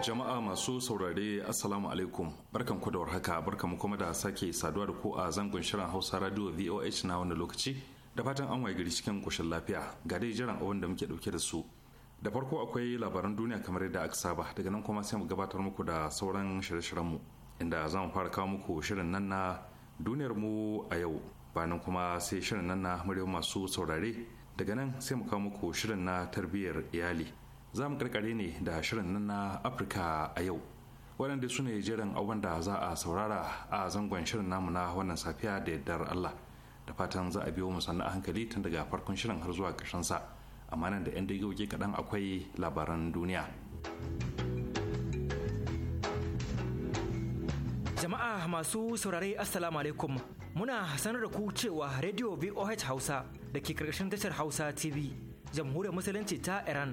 Jama'a masu saurare Assalamu alaikum barkan ku da warhaka barkan mu kuma da sake saduwa da ku a zangon shirin Hausa Radio VOH na wani lokaci da fatan an waye gari cikin koshin lafiya ga dai jiran abin da muke dauke da su da farko akwai labaran duniya kamar yadda aka saba daga nan kuma sai mu gabatar muku da sauran shirye-shiryen mu inda za mu fara kawo muku shirin nan na duniyar mu a yau bayan kuma sai shirin nan na muryar masu saurare daga nan sai mu kawo muku shirin na tarbiyyar iyali za mu karkare ne da shirin nan na afirka a yau waɗanda su ne jiran abin da za a saurara a zangon shirin namu na wannan safiya da yardar allah da fatan za a biyo mu a hankali tun daga farkon shirin har zuwa ƙarshen sa amma nan da 'yan dagigogi kaɗan akwai labaran duniya jama'a masu saurare assalamu alaikum muna sanar da ku cewa radio voh hausa da ke karkashin tashar hausa tv jamhuriyar musulunci ta iran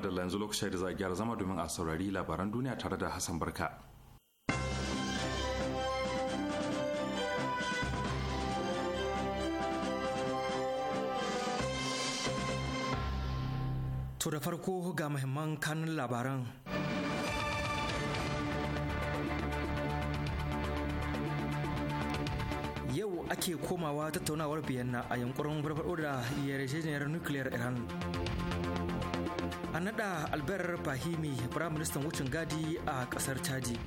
da yanzu lokacin da za a gyara zama domin a saurari labaran duniya tare da Hassan Barka. To da farko ga muhimman kanun labaran. Yau ake komawa tattaunawar biyanna a yankurin farfaɗo da yarjejeniyar nukiliyar Iran. a nada albert fahimi firaministan wucin gadi a ƙasar chadi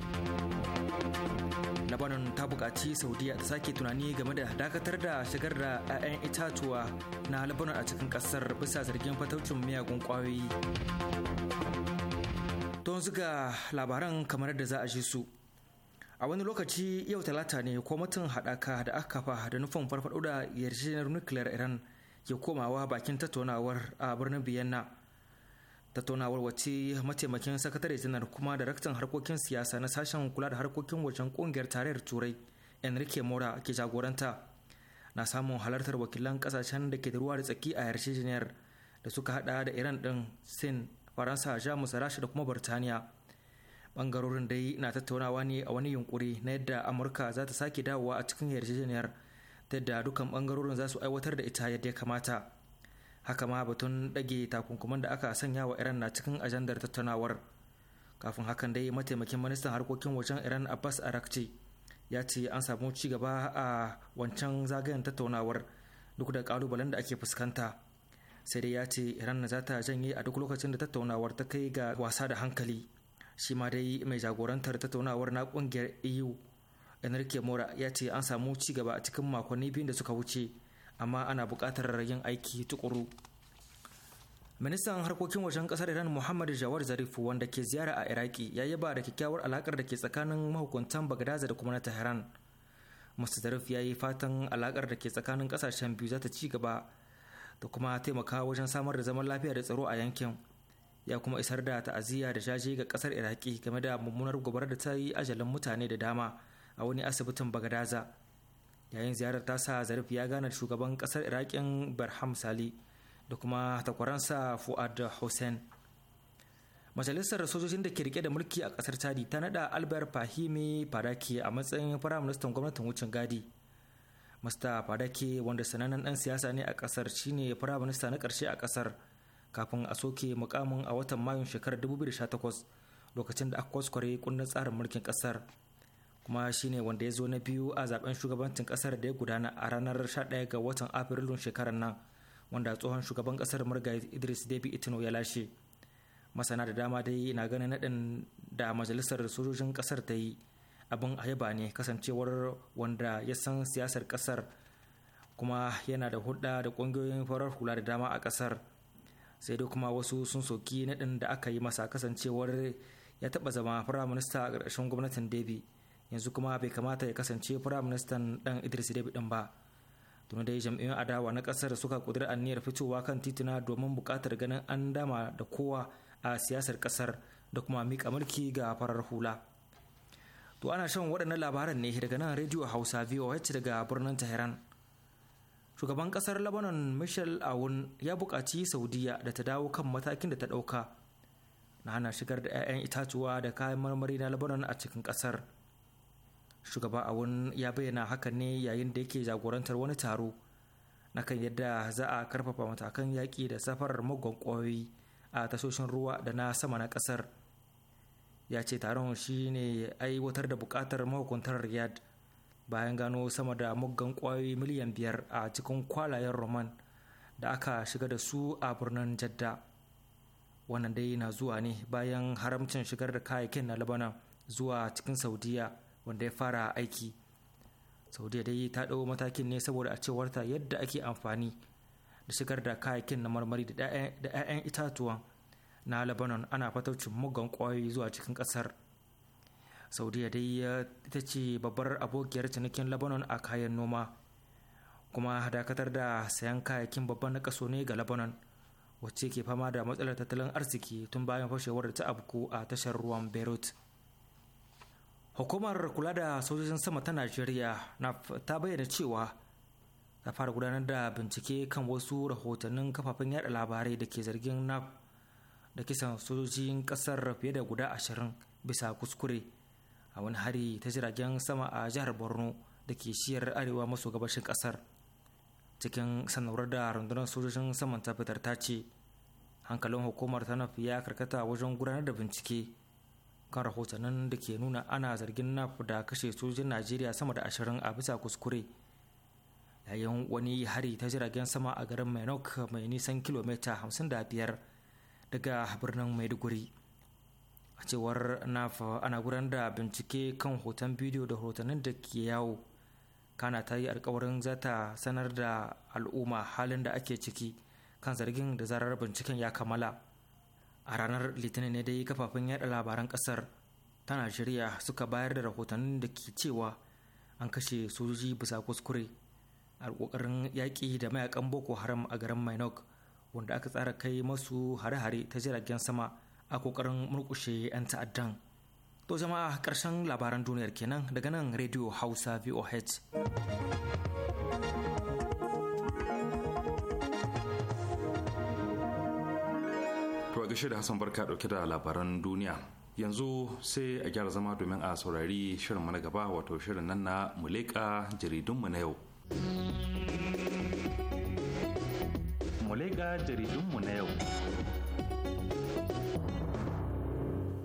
labanon ta buƙaci saudiya ta sake tunani game da dakatar da shigar da 'ya'yan itatuwa na labanon a cikin ƙasar bisa zargin fataucin miyagun ƙwayoyi. don zuga labaran kamar da za a ji su a wani lokaci yau talata ne kwamitin haɗaka da aka kafa da nufin farfaɗo da yarjejeniyar nukiliyar iran ke komawa bakin tattaunawar a birnin vienna tattaunawar wace mataimakin sakatare janar kuma daraktan harkokin siyasa na sashen kula da harkokin wajen kungiyar tarayyar turai enrique mora ke jagoranta na samun halartar wakilan kasashen da ke da ruwa da tsaki a yarjejeniyar da suka hada da iran din sin faransa jamus rasha da kuma burtaniya bangarorin dai na tattaunawa ne a wani yunkuri na yadda amurka za ta sake dawowa a cikin yarjejeniyar ta yadda dukkan bangarorin za su aiwatar da ita yadda ya kamata haka ma batun ɗage takunkuman da aka sanya wa iran na cikin ajandar tattaunawar kafin hakan dai mataimakin ministan harkokin wajen iran abbas arakci ya ce an samu ci gaba a wancan zagayen tattaunawar duk da kalubalen da ake fuskanta sai dai ya ce iran za ta janye a duk lokacin da tattaunawar ta kai ga wasa da hankali shi ma dai mai jagorantar tattaunawar na kungiyar eu enrique mora ya ce an samu ci gaba a cikin makonni biyu da suka wuce amma ana buƙatar yin aiki tukuru ministan harkokin wajen ƙasar iran muhammad jawar zarif wanda ke ziyara a iraki ya yaba da kyakkyawar alakar da ke tsakanin mahukuntan bagdaza da kuma na tehran musta zarif ya yi fatan alaƙar da ke tsakanin ƙasashen biyu za ta ci gaba da kuma taimaka wajen samar da zaman lafiya da tsaro a yankin ya kuma isar da ta'aziyya da jaje ga ƙasar iraki game da mummunar gobarar da ta yi ajalin mutane da dama a wani asibitin bagdaza yayin ziyarar tasa zarafi ya gane shugaban kasar iraƙin barham sali da kuma takwaransa fuad hussein majalisar sojojin da ke rike da mulki a kasar chadi ta nada albert fahimi fadake a matsayin firaministan gwamnatin wucin gadi mr fadake wanda sanannen dan siyasa ne a kasar shine firaminista na karshe a kasar kafin a soke mukamin a watan mayun shekarar 2018 lokacin da aka kwaskware kundin tsarin mulkin kasar kuma shine wanda ya zo na biyu a zaben shugabancin kasar da ya gudana a ranar 11 ga watan afrilun shekarar nan wanda tsohon shugaban kasar murga idris debi itino ya lashe masana da dama dai na ganin naɗin da majalisar sojojin kasar ta yi abin ayaba ne kasancewar wanda ya san siyasar kasar kuma yana da hulɗa da ƙungiyoyin farar hula da dama a kasar sai dai kuma wasu sun soki naɗin da aka yi masa kasancewar ya taɓa zama firaminista a ƙarƙashin gwamnatin debi yanzu kuma bai kamata ya kasance firaministan dan idris da din ba tuni dai jam'iyyun adawa na kasar suka kudura aniyar fitowa kan tituna domin buƙatar ganin an dama da kowa a siyasar kasar da kuma miƙa mulki ga farar hula to ana shan waɗannan labaran ne daga nan rediyo hausa voh daga birnin tehran shugaban kasar lebanon michel awun ya buƙaci saudiya da ta dawo kan matakin da ta ɗauka na hana shigar da 'ya'yan itatuwa da kayan marmari na lebanon a cikin kasar shugaba awun ya bayyana hakan ne yayin da yake jagorantar wani taro na kan yadda za a karfafa matakan yaƙi da safarar mugun ƙwayoyi a tashoshin ruwa da na sama na ƙasar ya ce taron shi ne aiwatar da buƙatar mahukuntar Riyad, bayan gano sama da muggan ƙwayoyi miliyan biyar a cikin kwalayen roman da aka shiga da su a birnin jadda wannan dai na zuwa ne bayan haramcin shigar da kayayyakin na labanan zuwa cikin saudiya wanda ya fara aiki saudiya dai ta ɗau matakin ne saboda a cewarta yadda ake amfani da shigar da kayakin na marmari da 'ya'yan itatuwan na lebanon ana fataucin mugan kwayoyi zuwa cikin ƙasar saudiya dai ita ce babbar abokiyar cinikin lebanon a kayan noma kuma dakatar da sayan kayakin babban na kaso ne ga lebanon wacce ke fama da matsalar tattalin arziki tun bayan fashewar da ta abku a tashar ruwan beirut hukumar kula da sojojin sama ta najeriya na ta bayyana cewa ta fara gudanar da bincike kan wasu rahotannin kafafen yada labarai da ke zargin naf da kisan sojojin kasar fiye da guda ashirin bisa kuskure a wani hari ta jiragen sama a jihar borno da ke shiyar arewa maso gabashin kasar cikin sanarwar da rundunar sojojin saman ta fitar ta ce hankalin hukumar ta ya karkata wajen gudanar da bincike kan rahotannin da ke nuna ana zargin naf da kashe sojin najeriya sama da ashirin a bisa kuskure yayin wani hari ta jiragen sama a garin mainok mai nisan kilomita 55 daga birnin maiduguri a cewar naf ana gudanar da bincike kan hoton bidiyo da hotonin da ke yawo kana ta yi alkawarin za ta sanar da al'umma halin da ake ciki kan zargin da zarar binciken ya kammala a ranar litinin ne dai kafafen yada labaran kasar ta najeriya suka bayar da rahotannin da ke cewa an kashe sojoji bisa kuskure a kokarin yaƙi da mayakan boko haram a garin minok wanda aka tsara kai masu hare-hare ta jiragen sama a kokarin murkushe 'yan ta'addan to jama'a ƙarshen labaran duniyar kenan daga nan radio hausa voh gaishe da Hassan Barka dauke da labaran duniya. Yanzu sai a gyara zama domin a saurari shirin mana gaba wato shirin nan na Muleka jaridunmu na yau. Muleka jaridunmu na yau.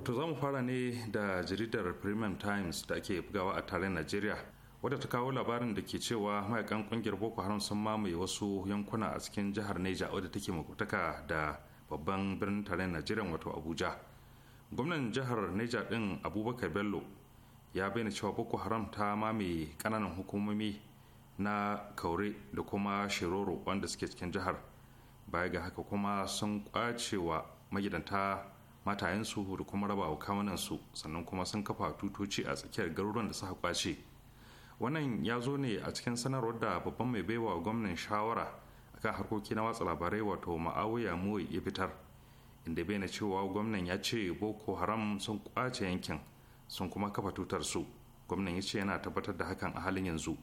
To za mu fara ne da jaridar Premium Times da ake bugawa a tare Najeriya wadda ta kawo labarin da ke cewa mayakan kungiyar Boko Haram sun mamaye wasu yankuna a cikin jihar Neja wadda take makwataka da babban birnin tarayyar najeriya wato abuja gwamnan jihar niger din abubakar bello ya bayyana cewa boko haram ta mame kananan hukumomi na kaure da kuma shiroro wanda suke cikin jihar baya ga haka kuma sun wa magidanta matayensu da kuma raba wa sannan kuma sun kafa tutoci a tsakiyar garuruwan da suka kwace wannan ya zo ne a cikin sanarwar da babban mai baiwa gwamnan shawara akan harkoki na watsa labarai wato ma'awuya mu ya fitar inda na cewa gwamnan ya ce boko haram sun kwace yankin sun kuma kafa tutar su gwamnan ya ce yana tabbatar da hakan a halin yanzu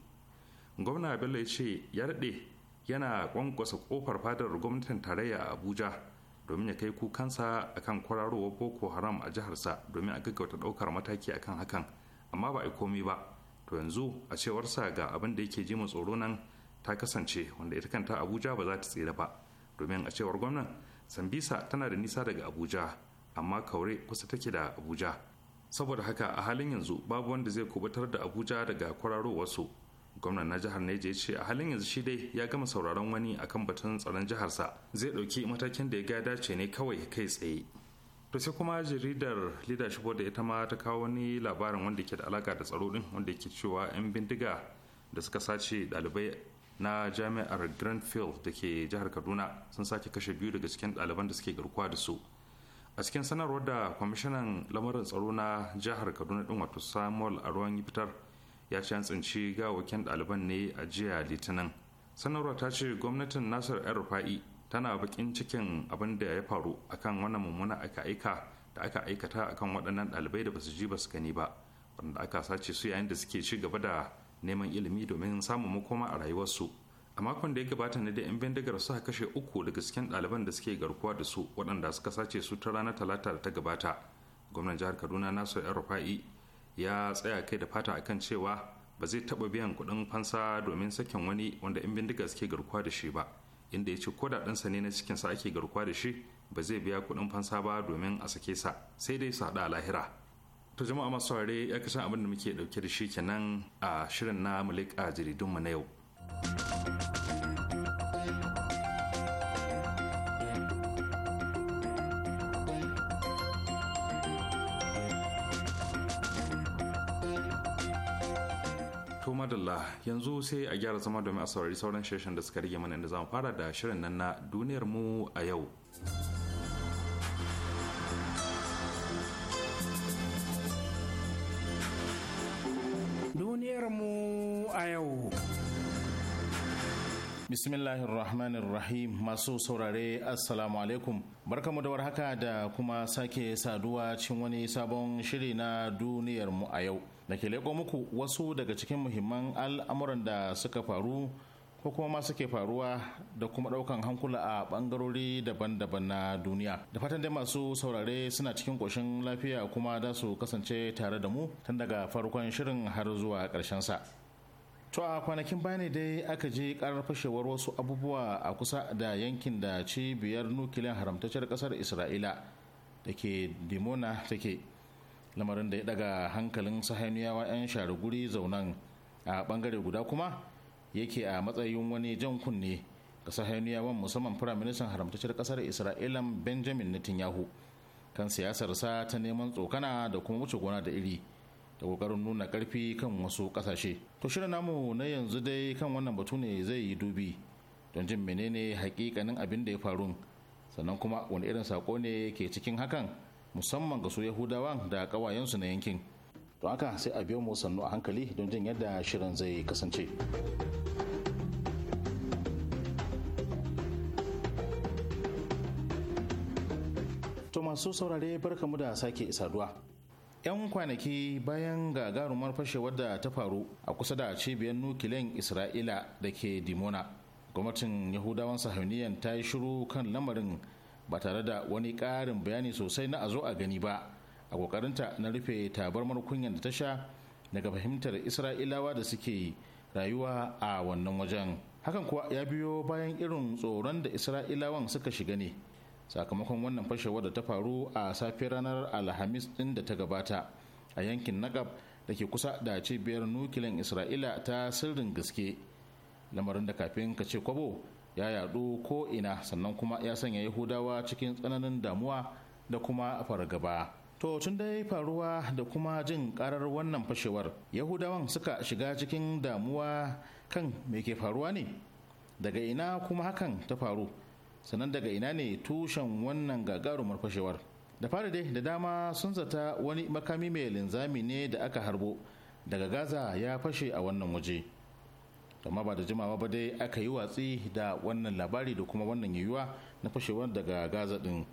gwamna bello ya ce ya daɗe yana kwankwasa kofar fadar gwamnatin tarayya a abuja domin ya kai kukansa a kan kwararowar boko haram a jiharsa domin a gaggauta ɗaukar mataki akan hakan amma ba a komi ba to yanzu a cewarsa ga abin da yake ji mu tsoro nan ta kasance wanda ita kanta abuja ba za ta tsira ba domin a cewar gwamnan sambisa tana da nisa daga abuja amma kaure kusa take da abuja saboda haka a halin yanzu babu wanda zai kubutar da abuja daga kwararowarsu gwamnan na jihar neja ya ce a halin yanzu shi dai ya gama sauraron wani akan batun tsaron jiharsa zai ɗauki matakin da ya ga dace ne kawai kai tsaye to sai kuma jaridar leadership da ita ma ta kawo wani labarin wanda ke da alaka da tsaro din wanda ke cewa 'yan bindiga da suka sace ɗalibai na jami'ar grandfield da ke jihar kaduna sun sake kashe biyu daga cikin ɗaliban da suke garkuwa da su a cikin sanarwar da kwamishinan lamarin tsaro na jihar kaduna din wato samuel aruwan fitar ya ce an tsinci gawakin ɗaliban ne a jiya litinin sanarwar ta ce gwamnatin nasir yan rufa'i tana bakin cikin abin da ya faru akan wannan mummuna aka aika da aka aikata akan waɗannan ɗalibai da basu ji basu gani ba wanda aka sace su yayin da suke ci gaba da neman ilimi domin samun makoma a rayuwarsu a makon da ya gabata ne da 'yan bindigar suka kashe uku daga cikin ɗaliban da suke garkuwa da su waɗanda suka sace su ta ranar talata da ta gabata gwamnan jihar kaduna nasu yan rufa'i ya tsaya kai da fata akan cewa ba zai taɓa biyan kuɗin fansa domin sakin wani wanda 'yan bindiga suke garkuwa da shi ba inda ya ce ko da ɗansa ne na cikinsa ake garkuwa da shi ba zai biya kuɗin fansa ba domin a sake sa sai dai su haɗa a lahira To jama'a masu saurare ya kasan abin da muke dauke da shi kenan a shirin na mulik a jaridunmu na yau. To madalla yanzu sai a gyara zama domin a saurari sauran shirin da suka rige mana inda zamu fara da shirin nan na duniyar mu a yau. mu a yau. Bismillahir masu saurare Assalamu alaikum barkamu da warhaka da kuma sake saduwa cin wani sabon shiri na duniyar mu a yau da ke leƙo muku wasu daga cikin muhimman al'amuran da suka faru ko kuma ma suke faruwa da kuma daukan hankula a bangarori daban-daban na duniya da fatan dai masu saurare suna cikin koshin lafiya kuma da su kasance tare da mu tun daga farkon shirin har zuwa karshen sa to a kwanakin baya ne dai aka je karar fashewar wasu abubuwa a kusa da yankin da cibiyar nukiliyar haramtacciyar kasar isra'ila da ke dimona take lamarin da ya daga hankalin sahaniyawa 'yan share guri zaunan a bangare guda kuma yake a matsayin wani jan kunne ga sahayuniyawan musamman firaministan haramtacciyar kasar isra'ila benjamin netanyahu kan siyasarsa ta neman tsokana da kuma wuce gona da iri da kokarin nuna karfi kan wasu kasashe to shirin namu na yanzu dai kan wannan batu ne zai yi dubi don jin menene hakikanin abin da ya faru sannan kuma wani irin sako ne ke cikin hakan musamman ga su yahudawan da kawayensu na yankin don haka sai a biyo mu sannu a hankali don jin yadda shirin zai kasance to masu saurare barkamu da sake saduwa 'yan kwanaki bayan gagarumar fashewar da ta faru a kusa da cibiyar nukiliyan isra'ila da ke dimona gwamnatin yahudawan sahuniyan ta yi shiru kan lamarin ba tare da wani ƙarin bayani sosai na a zo a gani ba a kokarinta na rufe tabarmar kunyar da ta sha daga fahimtar isra'ilawa da suke rayuwa a wannan wajen hakan kuwa ya biyo bayan irin tsoron da isra'ilawan suka shiga ne sakamakon wannan fashewar da ta faru a safiyar ranar alhamis din da ta gabata a yankin nagab da ke kusa da cibiyar nukilin isra'ila ta sirrin gaske lamarin da kafin ka ce kwabo ya yadu ko ina sannan kuma ya sanya yahudawa cikin tsananin damuwa da kuma fargaba. To tun dai faruwa da kuma jin karar wannan fashewar Yahudawan suka shiga cikin damuwa kan me ke faruwa ne daga ina kuma hakan ta faru sannan daga ina ne tushen wannan gagarumar fashewar da fara dai da dama sun zata wani makami mai linzami ne da aka harbo daga gaza ya fashe a wannan waje amma ba da jimawa ba dai aka yi watsi da wannan labari da kuma wannan yiwuwa na fashewar daga gaza din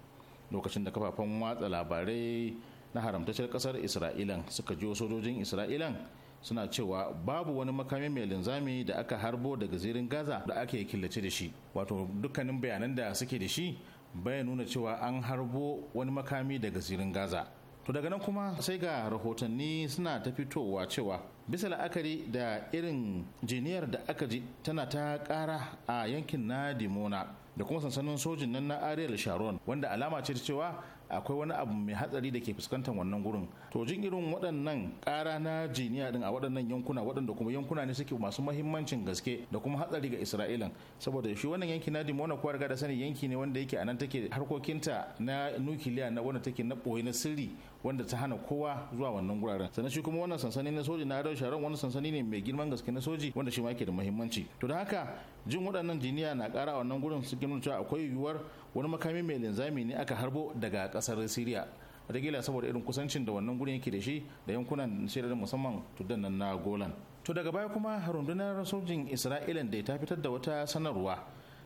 lokacin da kafafen watsa labarai na haramtacciyar kasar isra'ilan suka jiwo sojojin isra'ilan suna cewa babu wani makami mai linzami da aka harbo daga zirin gaza da ake killace da shi wato dukkanin bayanan da suke da shi bai nuna cewa an harbo wani makami daga zirin gaza to daga nan kuma sai ga rahotanni suna ta fitowa cewa bisa la'akari da irin jiniyar da aka ji tana ta kara a yankin na dimona da kuma sansanin sojin nan na ariel sharon wanda alama ce ta cewa akwai wani abu mai hatsari da ke fuskantar wannan gurin to jin irin waɗannan ƙara na jiniya din a waɗannan yankuna waɗanda kuma yankuna ne suke masu mahimmancin gaske da kuma hatsari ga isra'ilan saboda shi wannan yanki na dimona kuwa riga da sani yanki ne wanda yake a nan take harkokinta na nukiliya na wanda take na ɓoye na sirri wanda ta hana kowa zuwa wannan guraren sannan shi kuma wannan sansani na soji na arewa sharon wani sansani ne mai girman gaske na soji wanda shi ma yake da muhimmanci to da haka jin waɗannan jiniya na ƙara wannan gurin su nuna cewa akwai yiwuwar wani makami mai linzami ne aka harbo daga ƙasar siriya watakila saboda irin kusancin da wannan gurin yake da shi da yankunan shirin musamman tuddan nan na golan to daga baya kuma rundunar sojin isra'ilan da ta fitar da wata sanarwa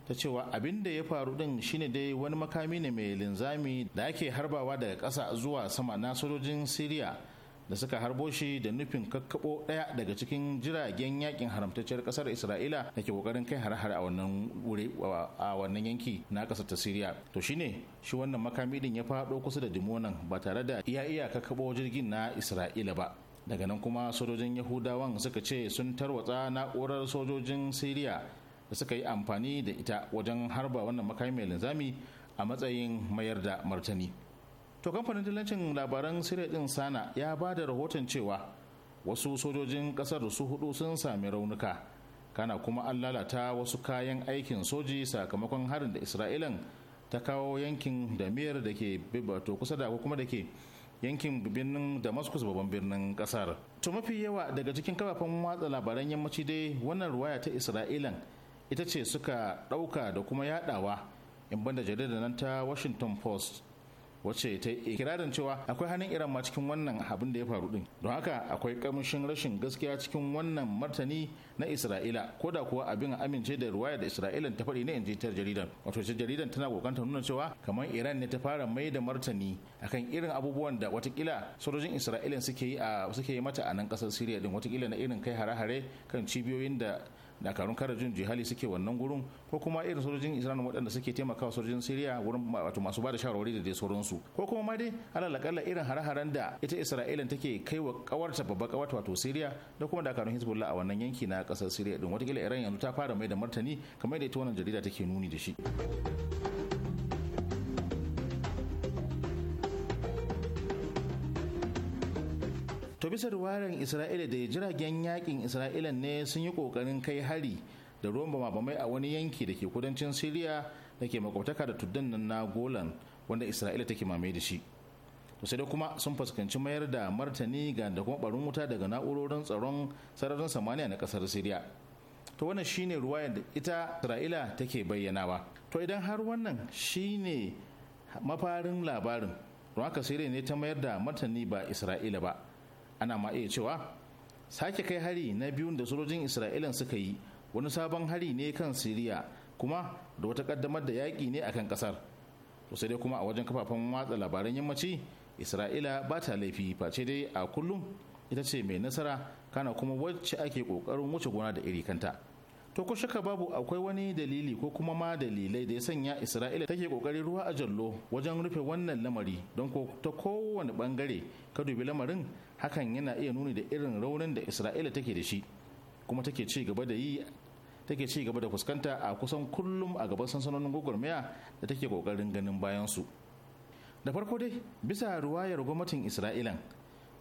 ta cewa abin da ya faru din shine dai wani makami ne mai linzami da ake harbawa daga kasa zuwa sama na sojojin siriya da suka harbo shi da nufin kakkaɓo ɗaya daga cikin jiragen yakin haramtacciyar kasar isra'ila da ke ƙoƙarin kai har-har a wannan a wannan yanki na kasar ta siriya to shine shi wannan makami din ya faɗo kusa da dimonan ba tare da iya iya kakkabo jirgin na isra'ila ba daga nan kuma sojojin yahudawan suka ce sun tarwatsa na'urar sojojin siriya da suka yi amfani da ita wajen harba wannan makami mai linzami a matsayin mayar da martani to kamfanin dillancin labaran sirri din sana ya ba da rahoton cewa wasu sojojin kasar su hudu sun sami raunuka kana kuma an lalata wasu kayan aikin soji sakamakon harin da isra'ilan ta kawo yankin da miyar da ke bibato kusa da kuma da ke yankin birnin damascus babban birnin kasar to mafi yawa daga cikin kafafen watsa labaran yammaci dai wannan ruwaya ta isra'ilan ita ce suka ɗauka da kuma yaɗawa in banda jaridar nan ta washington post wacce ta yi ikirarin cewa akwai hannun iran ma cikin wannan abin da ya faru din don haka akwai kamshin rashin gaskiya cikin wannan martani na isra'ila ko da kuwa abin amince da ruwaya da isra'ilan ta faɗi ne in jitar jaridan wato ce jaridan tana kokanta nuna cewa kamar iran ne ta fara mai da martani akan irin abubuwan da watakila sojojin isra'ilan suke yi a suke yi mata a nan kasar siriya din watakila na irin kai hare-hare kan cibiyoyin da dakarun kare jin jihali suke wannan gurin ko kuma irin sojojin isra'ila waɗanda suke taimakawa sojojin siriya wurin wato masu ba da shawarwari da dai sauransu ko kuma ma dai alalakalla irin hare-haren da ita isra'ila take kai wa kawarta babbar kawarta wato siriya da kuma dakarun hezbollah a wannan yanki na ƙasar siriya din watakila iran yanzu ta fara mai da martani kamar da ita wannan jarida take nuni da shi bisa ruwaren isra'ila da jiragen yakin isra'ila ne sun yi kokarin kai hari da ruwan bama a wani yanki da ke kudancin siriya da ke makwabtaka da tuddan nan na golan wanda isra'ila take mamaye da shi to sai dai kuma sun fuskanci mayar da martani ga da kuma barin wuta daga na'urorin tsaron sararin samaniya na kasar siriya to wannan shine ruwayar da ita isra'ila take bayyanawa to idan har wannan shine mafarin labarin ruwa haka ne ta mayar da martani ba isra'ila ba ana ma iya cewa sake kai hari na biyun da sojojin isra'ilan suka yi wani sabon hari ne kan siriya kuma da wata kaddamar da yaƙi ne akan ƙasar sai dai kuma a wajen kafafen watsa labaran yammaci isra'ila ba ta laifi face dai a kullum ita ce mai nasara kana kuma wacce ake ƙoƙarin wuce gona da iri kanta to ko shaka babu akwai wani dalili ko kuma ma dalilai da ya sanya isra'ila take kokarin ruwa a jallo wajen rufe wannan lamari don ko ta kowane bangare ka dubi lamarin hakan yana iya nuni da irin raunin da isra'ila take da shi kuma take ci gaba da yi take ci gaba da fuskanta a kusan kullum a gaban sansanonin gwagwarmaya da take kokarin ganin bayan su da farko dai bisa ruwayar gwamnatin isra'ilan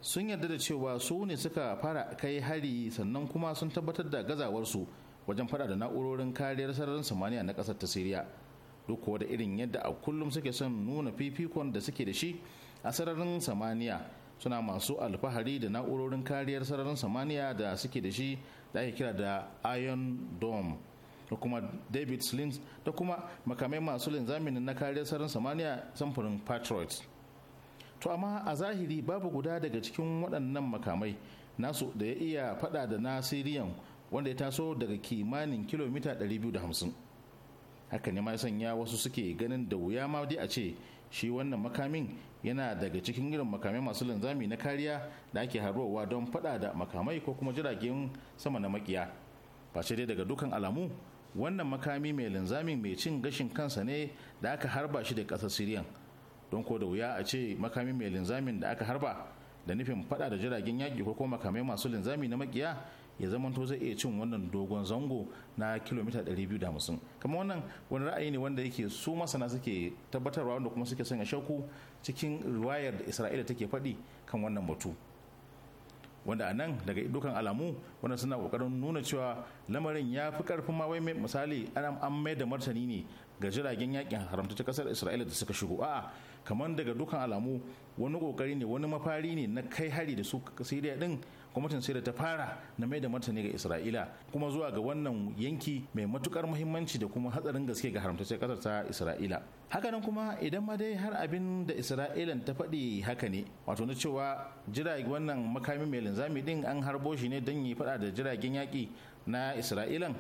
sun yarda da cewa su ne suka fara kai hari sannan kuma sun tabbatar da gazawarsu wajen fada da na'urorin kariyar sararin samaniya na kasar ta siriya duk kuwa da irin yadda a kullum suke son nuna fifikon da suke da shi a sararin samaniya suna masu alfahari da na'urorin kariyar sararin samaniya da suke da shi da ake kira da iron dome da kuma david slings da kuma makamai masu linzamin na kariyar sararin samaniya samfurin patriots to amma a zahiri babu guda daga cikin waɗannan makamai nasu da ya iya fada da na siriyan wanda ya taso daga kimanin kilomita 250 haka ne ma sanya wasu suke ganin da wuya ma dai a ce shi wannan makamin yana daga cikin irin makamai masu linzami na kariya da ake haruwa don fada da makamai ko kuma jiragen sama na makiya ba dai daga dukan alamu wannan makami mai linzamin mai cin gashin kansa ne da aka harba shi da ƙasar siriyan don ko da wuya a ce makami mai linzamin da aka harba da nufin fada da jiragen yaki ko kuma makamai masu linzami na makiya ya zamanto zai iya cin wannan dogon zango na kilomita 250 kamar wannan wani ra'ayi ne wanda yake su masana suke tabbatarwa wanda kuma suke sanya shakku cikin riwayar da isra'ila take faɗi kan wannan batu wanda a nan daga dukkan alamu wanda suna kokarin nuna cewa lamarin ya fi karfin ma wai misali an mai da martani ne ga jiragen yakin haramta ta kasar isra'ila da suka shigo a'a kamar daga dukkan alamu wani kokari ne wani mafari ne na kai hari da su siriya din gwamnatin sai da ta fara na mai da martani ga isra'ila kuma zuwa ga wannan yanki mai matukar muhimmanci da kuma hatsarin gaske ga haramtacciyar kasar ta isra'ila hakanan kuma idan ma dai har abin da isra'ilan ta faɗi haka ne wato na cewa jirage wannan makamin mai linzami din an harbo shi ne don yi faɗa da jiragen yaƙi na isra'ilan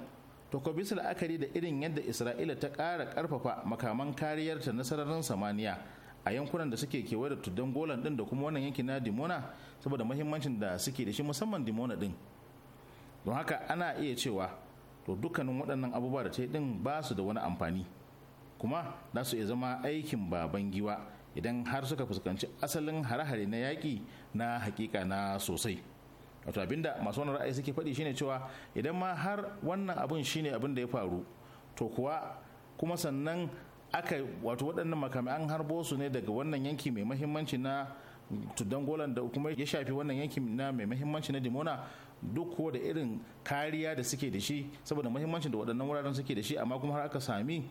to ko bisa la'akari da irin yadda isra'ila ta ƙara ƙarfafa makaman kariyarta na sararin samaniya a yankunan da suke kewaye da tuddan golan din da kuma wannan yankin na dimona saboda mahimmancin da suke da shi musamman dimona din don haka ana iya cewa to dukkanin waɗannan abubuwa da ta yi din ba su da wani amfani kuma za su iya zama aikin baban giwa idan har suka fuskanci asalin hare-hare na yaƙi na hakika na sosai wato abinda masu wani ra'ayi suke faɗi shine cewa idan ma har wannan abin shine abin da ya faru to kuwa kuma sannan aka wato waɗannan makamai an harbo su ne daga wannan yanki mai mahimmanci na To dangolan da kuma ya shafi wannan yankin na mai mahimmanci na dimona duk ko da irin kariya da suke da shi saboda muhimmancin da waɗannan wuraren suke da shi amma kuma har aka sami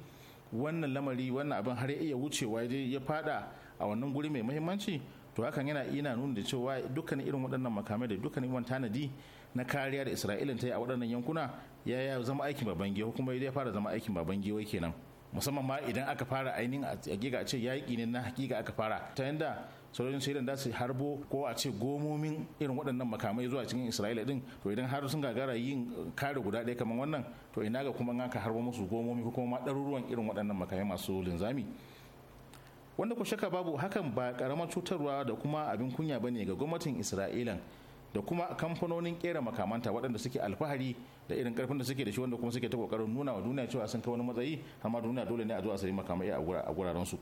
wannan lamari wannan abin har ya iya wucewa ya fada a wannan guri mai mahimmanci to hakan yana ina nuna da cewa dukkan irin waɗannan makamai da dukkan irin tanadi na kariya da isra'ila ta yi a waɗannan yankuna ya zama aikin baban giwa kuma ya fara zama aikin baban giwa kenan musamman ma idan aka fara ainihin a a ce yaƙi ne na hakika aka fara ta yanda sojojin shaidan da su harbo ko a ce gomomin irin waɗannan makamai zuwa cikin isra'ila din to idan har sun gagara yin kare guda ɗaya kamar wannan to ina ga kuma ka harbo musu gomomi ko kuma ɗaruruwan irin waɗannan makamai masu linzami wanda ku shaka babu hakan ba karamar cutarwa da kuma abin kunya bane ga gwamnatin isra'ila da kuma kamfanonin kera makamanta waɗanda suke alfahari da irin karfin da suke da shi wanda kuma suke ta kokarin nuna wa duniya cewa sun kai wani matsayi amma duniya dole ne a zo a sayi makamai a guraren su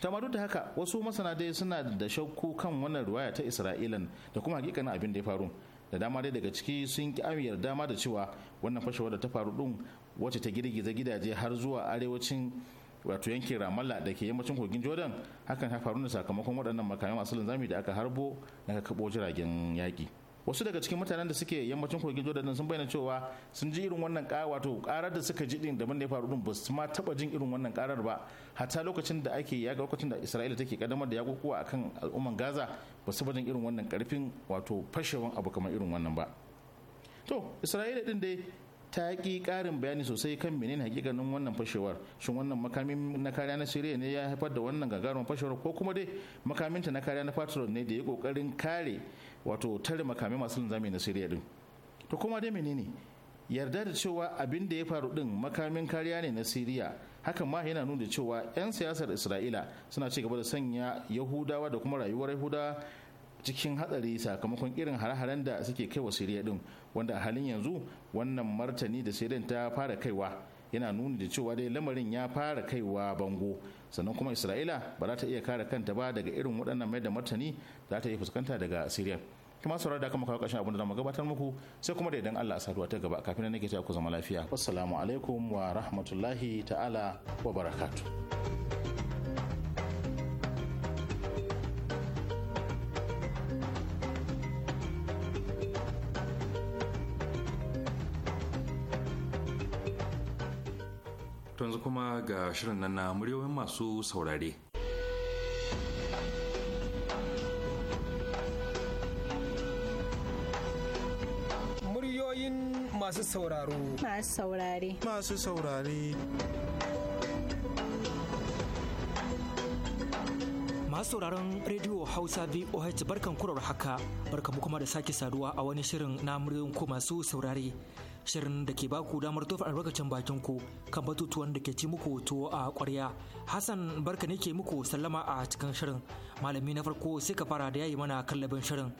ta duk da haka wasu masana dai suna da shakku kan wannan ruwaya ta isra'ilan da kuma hakikanin abin da ya faru da dama dai daga ciki sun ki amiyar dama da cewa wannan fashewar da ta faru din wacce ta girgiza gidaje har zuwa arewacin wato yankin ramallah da ke yammacin kogin jordan hakan ta faru ne sakamakon waɗannan makamai masu linzami da aka harbo na kakabo jiragen yaƙi wasu daga cikin mutanen da suke yammacin kogin jordan sun bayyana cewa sun ji irin wannan kara wato karar da suka ji din da ya faru din ba su ma taba jin irin wannan karar ba hatta lokacin da ake yaga lokacin da isra'ila take kadamar da yakukuwa kan al'umman gaza ba su jin irin wannan karfin wato fashewan abu kamar irin wannan ba to isra'ila din dai ta ƙi ƙarin bayani sosai kan menene hakikanin wannan fashewar shin wannan makamin na kariya na siriya ne ya haifar da wannan gagarumin fashewar ko kuma dai makaminta na kariya na patrol ne da ya kokarin kare wato tare makami masu linzami na siriya din to kuma dai menene yarda da cewa abin da ya faru din makamin kariya ne na siriya hakan ma yana nuna cewa 'yan siyasar isra'ila suna ci gaba da sanya yahudawa da kuma rayuwar yahuda cikin hatsari sakamakon irin hare-haren da suke kai wa siriya din wanda a halin yanzu wannan martani da siriya ta fara kaiwa yana nuna da cewa dai lamarin ya fara kaiwa bango sannan kuma isra'ila ba za ta iya kare kanta ba daga irin waɗannan mai da martani za ta yi fuskanta daga siriya kuma saurara da aka kawo ƙarshen abin da zamu gabatar muku sai kuma da idan Allah a saduwa ta gaba kafin nan nake cewa ku zama lafiya assalamu alaikum wa rahmatullahi ta'ala wa barakatuh yanzu kuma ga shirin nan na muryoyin masu saurare masu sauraro masu saurare masu saurare masu sauraron rediyo hausa voh barkan kurar haka barka kuma da sake saduwa a wani shirin na muryoyin ku masu saurare shirin da ke baku damar tofa albarkacin bakin ku kan batutuwan da ke ci muku tuwo a kwarya hassan barka ne ke muku sallama a cikin shirin malami na farko sai ka fara da yayi mana kallabin shirin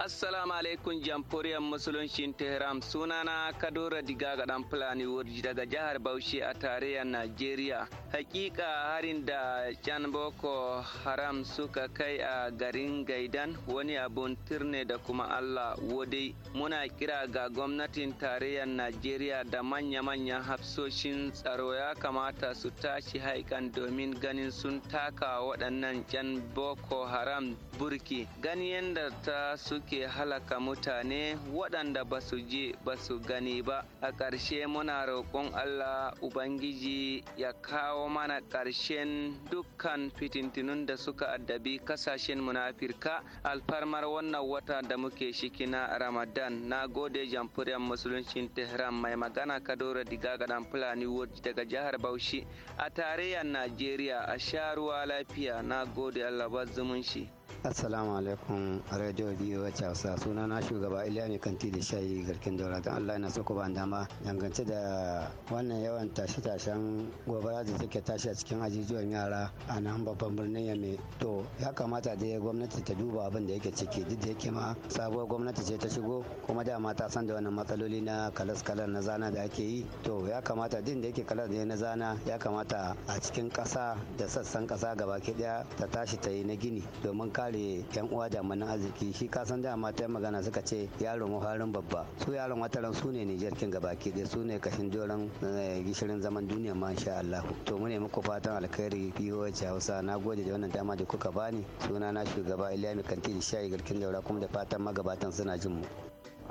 Assalamu alaikum jamhuriyar musuluncin Tehran sunana Kadora Diga ga dan Fulani Wurji daga jihar Bauchi a tarayyar Najeriya. Hakika harin da Jan Boko Haram suka kai a garin Gaidan wani abun turne da kuma Allah wode. Muna kira ga gwamnatin tarayyar Najeriya da manya-manyan hafsoshin tsaro ya kamata su tashi haikan domin ganin sun taka waɗannan Jan Boko Haram burki gani yadda ta suke halaka mutane waɗanda ba su je ba su gani ba a ƙarshe muna roƙon allah ubangiji ya kawo mana ƙarshen dukkan fitintunun da suka addabi ƙasashen munafirka alfarmar wannan wata da muke shiki na ramadan na gode jamhuriyar musuluncin tehran mai magana Kadora, diga gadan fulani daga jihar bauchi a tarayyar najeriya a sha ruwa lafiya na gode allah zumunci. assalamu alaikum radio biyu wa hausa suna na shugaba iliya mai kanti da shayi garkin daura don allah yana so ku ba dama dangance da wannan yawan tashe-tashen gobara da take tashi a cikin ajijuwan yara a nan babban birnin yame to ya kamata dai gwamnati ta duba abin da yake ciki duk da yake ma sabuwar gwamnati ce ta shigo kuma da mata san da wannan matsaloli na kalas-kalas na zana da ake yi to ya kamata din da yake kalas ya na zana ya kamata a cikin ƙasa da sassan ƙasa gaba daya ta tashi ta yi na gini domin kare kare yan uwa jami'an arziki shi ka san dama ta magana suka ce yaron mafarin babba su yaron wataran su ne Nijar kin gabaki da su ne kashin joran eh, gishirin zaman duniya ma insha Allah to mu ne muku fatan alkhairi BOH Hausa na gode da wannan dama da kuka bani suna na shugaba Iliya Kanti Shayi garkin daura kuma da fatan magabatan suna jin mu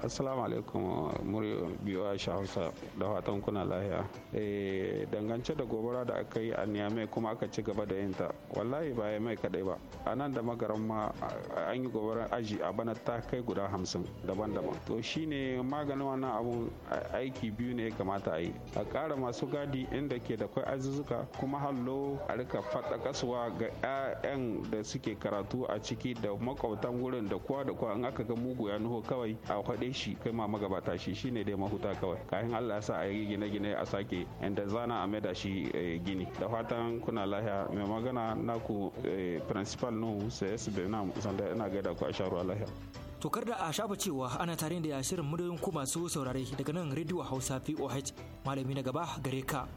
assalamu alaikum muryo biyu hausa da fatan kuna lahiya eh, dangance da gobara da aka yi a niyamai kuma aka ci gaba da yinta ta wallahi ba mai kadai ba a nan da magaran ma an yi gobarar aji a bana ta kai guda hamsin daban-daban to shine maganin wannan abun aiki biyu ne ya kamata a yi a kara masu gadi inda ke da kwai azuzuka kuma hallo a rika kasuwa ga 'ya'yan da suke karatu a ciki da makwabtan wurin da kowa da kowa in aka ga mugu ya nuhu kawai a kwaɗe kai shi kai ma magabata shi shine dai mahuta kawai kayan Allah ya sa a yi gine-gine a sake inda zana a maida shi eh, gini da fatan kuna lahiya mai magana naku eh, principal no sai birnam sanda ina gaida ku a sharuwa lahiya tokar da a shafa cewa ana tare da shirin muryoyin ku masu saurare daga nan rediyo Hausa VOH malami na gaba gare ka.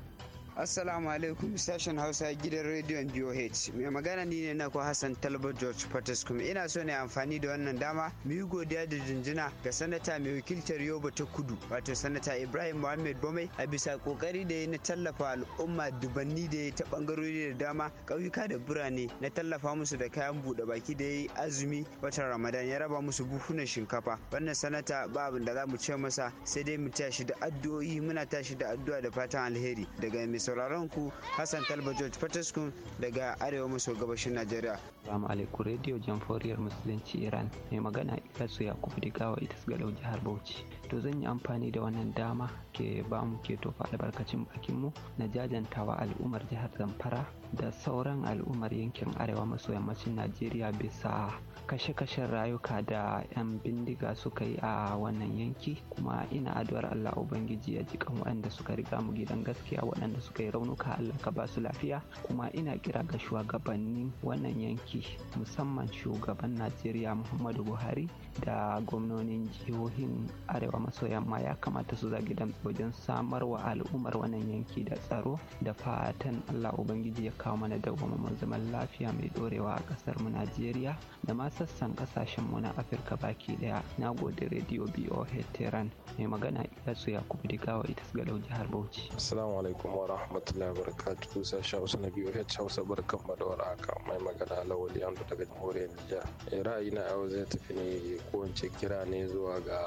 Assalamu alaikum sashen Hausa gidan rediyon BOH. Mai magana ne na ko Hassan Talba George Fortescue. Ina so ne amfani da wannan dama mu yi godiya da jinjina ga sanata mai wakiltar Yobe ta Kudu wato sanata Ibrahim Muhammad Bome a bisa kokari da ya na tallafa al'umma dubanni da ya ta bangarori da dama kauyuka da birane na tallafa musu da kayan buɗe baki da ya yi azumi watan Ramadan ya raba musu buhunan shinkafa. Wannan sanata ba abin da za mu ce masa sai dai mu tashi da addu'o'i muna tashi da addu'a da fatan alheri daga sauraron ku Hassan Talba George Fataskun daga Arewa maso gabashin Najeriya. Assalamu alaikum Radio Jamhuriyar Musulunci Iran mai magana Ilyasu Yakubu Digawa ita su jihar Bauchi. to zan yi amfani da wannan dama ke ba mu ke tofa albarkacin bakin mu na jajantawa al'ummar jihar zamfara da sauran al'ummar yankin arewa maso yammacin najeriya bisa kashe-kashen rayuka da 'yan bindiga suka yi a wannan yanki kuma ina addu'ar allah ubangiji ya ji kan waɗanda suka riga mu gidan gaskiya waɗanda suka yi raunuka allah ka ba lafiya kuma ina kira ga shugabannin wannan yanki musamman shugaban najeriya muhammadu buhari da gwamnonin jihohin arewa maso yamma ya kamata su zage dan wajen samar wa al'ummar wannan yanki da tsaro da fatan allah ubangiji ya kawo mana dawwammamin zaman lafiya mai dorewa a kasar mu najeriya da ma sassan kasashen mu na afirka baki daya na gode radio boh tehran mai magana su yakubu digawa ita galau jihar bauchi assalamu alaikum wa rahmatullahi wa barakatuhu sashen hausa na boh hausa barkan da haka mai magana lawali daga jamhuriyar nijar eh, ra'ayi na yau zai tafi ne ko in kira ne zuwa ga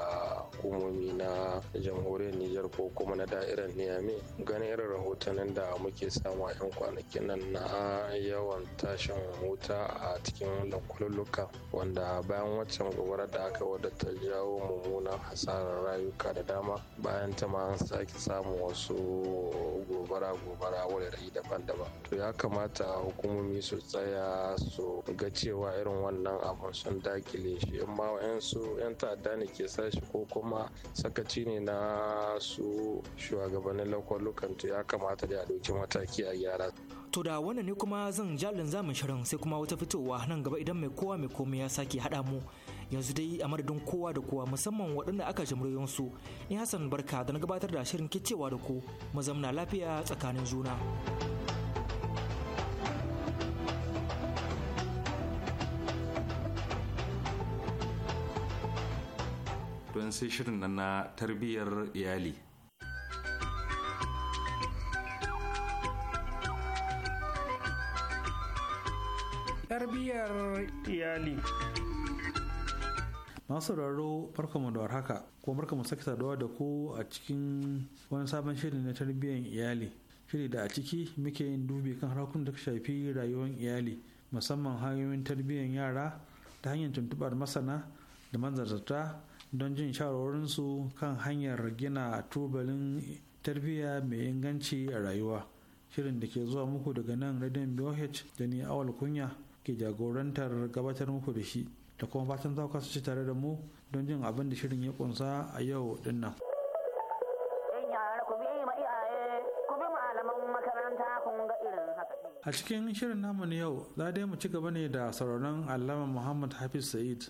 hukumar hukumomi na jamhuriyar Nijar ko kuma na da'irar Niyame ganin irin rahotannin da muke samu a 'yan kwanakin nan na yawan tashin wuta a cikin lankululluka wanda bayan waccan gobara da aka wadda ta jawo mummunan hasarar rayuka da dama bayan ta ma an sake samun wasu gobara-gobara wurare daban-daban to ya kamata hukumomi su tsaya su ga cewa irin wannan abun sun dakile shi in ma 'yan ta'adda ne ke sashi ko kuma sakaci ne na su shugabannin lokacin to ya kamata da a ɗauki mataki a gyara. To da wannan ne kuma zan jalin zamin shirin sai kuma wata fitowa nan gaba idan mai kowa mai komai ya sake hada mu yanzu dai a madadin kowa da kowa musamman waɗanda aka jamuriyon su ni Hassan Barka da na gabatar da shirin kicewa da ku mu zamna lafiya tsakanin juna. don sai shirin nan na tarbiyyar iyali tarbiyyar iyali masu raro barkamu da warhaka ko barkamu sake saduwa da ku a cikin wani sabon shirin na tarbiyyar iyali shiri da a ciki muke yin dubi kan harkokin da shafi rayuwar iyali musamman hanyoyin tarbiyyar yara ta hanyar tuntubar masana da manzarta don jin shawarwarinsu kan hanyar gina tubalin tarbiyya mai inganci a rayuwa shirin da ke zuwa muku daga nan radion boh da ni awal kunya ke jagorantar gabatar muku da shi da kuma fatan za ku ci tare da mu don jin abin da shirin ya kunsa a yau dinnan. a cikin shirin namu na yau za dai mu ci gaba ne da sauraron allama muhammad hafiz sa'id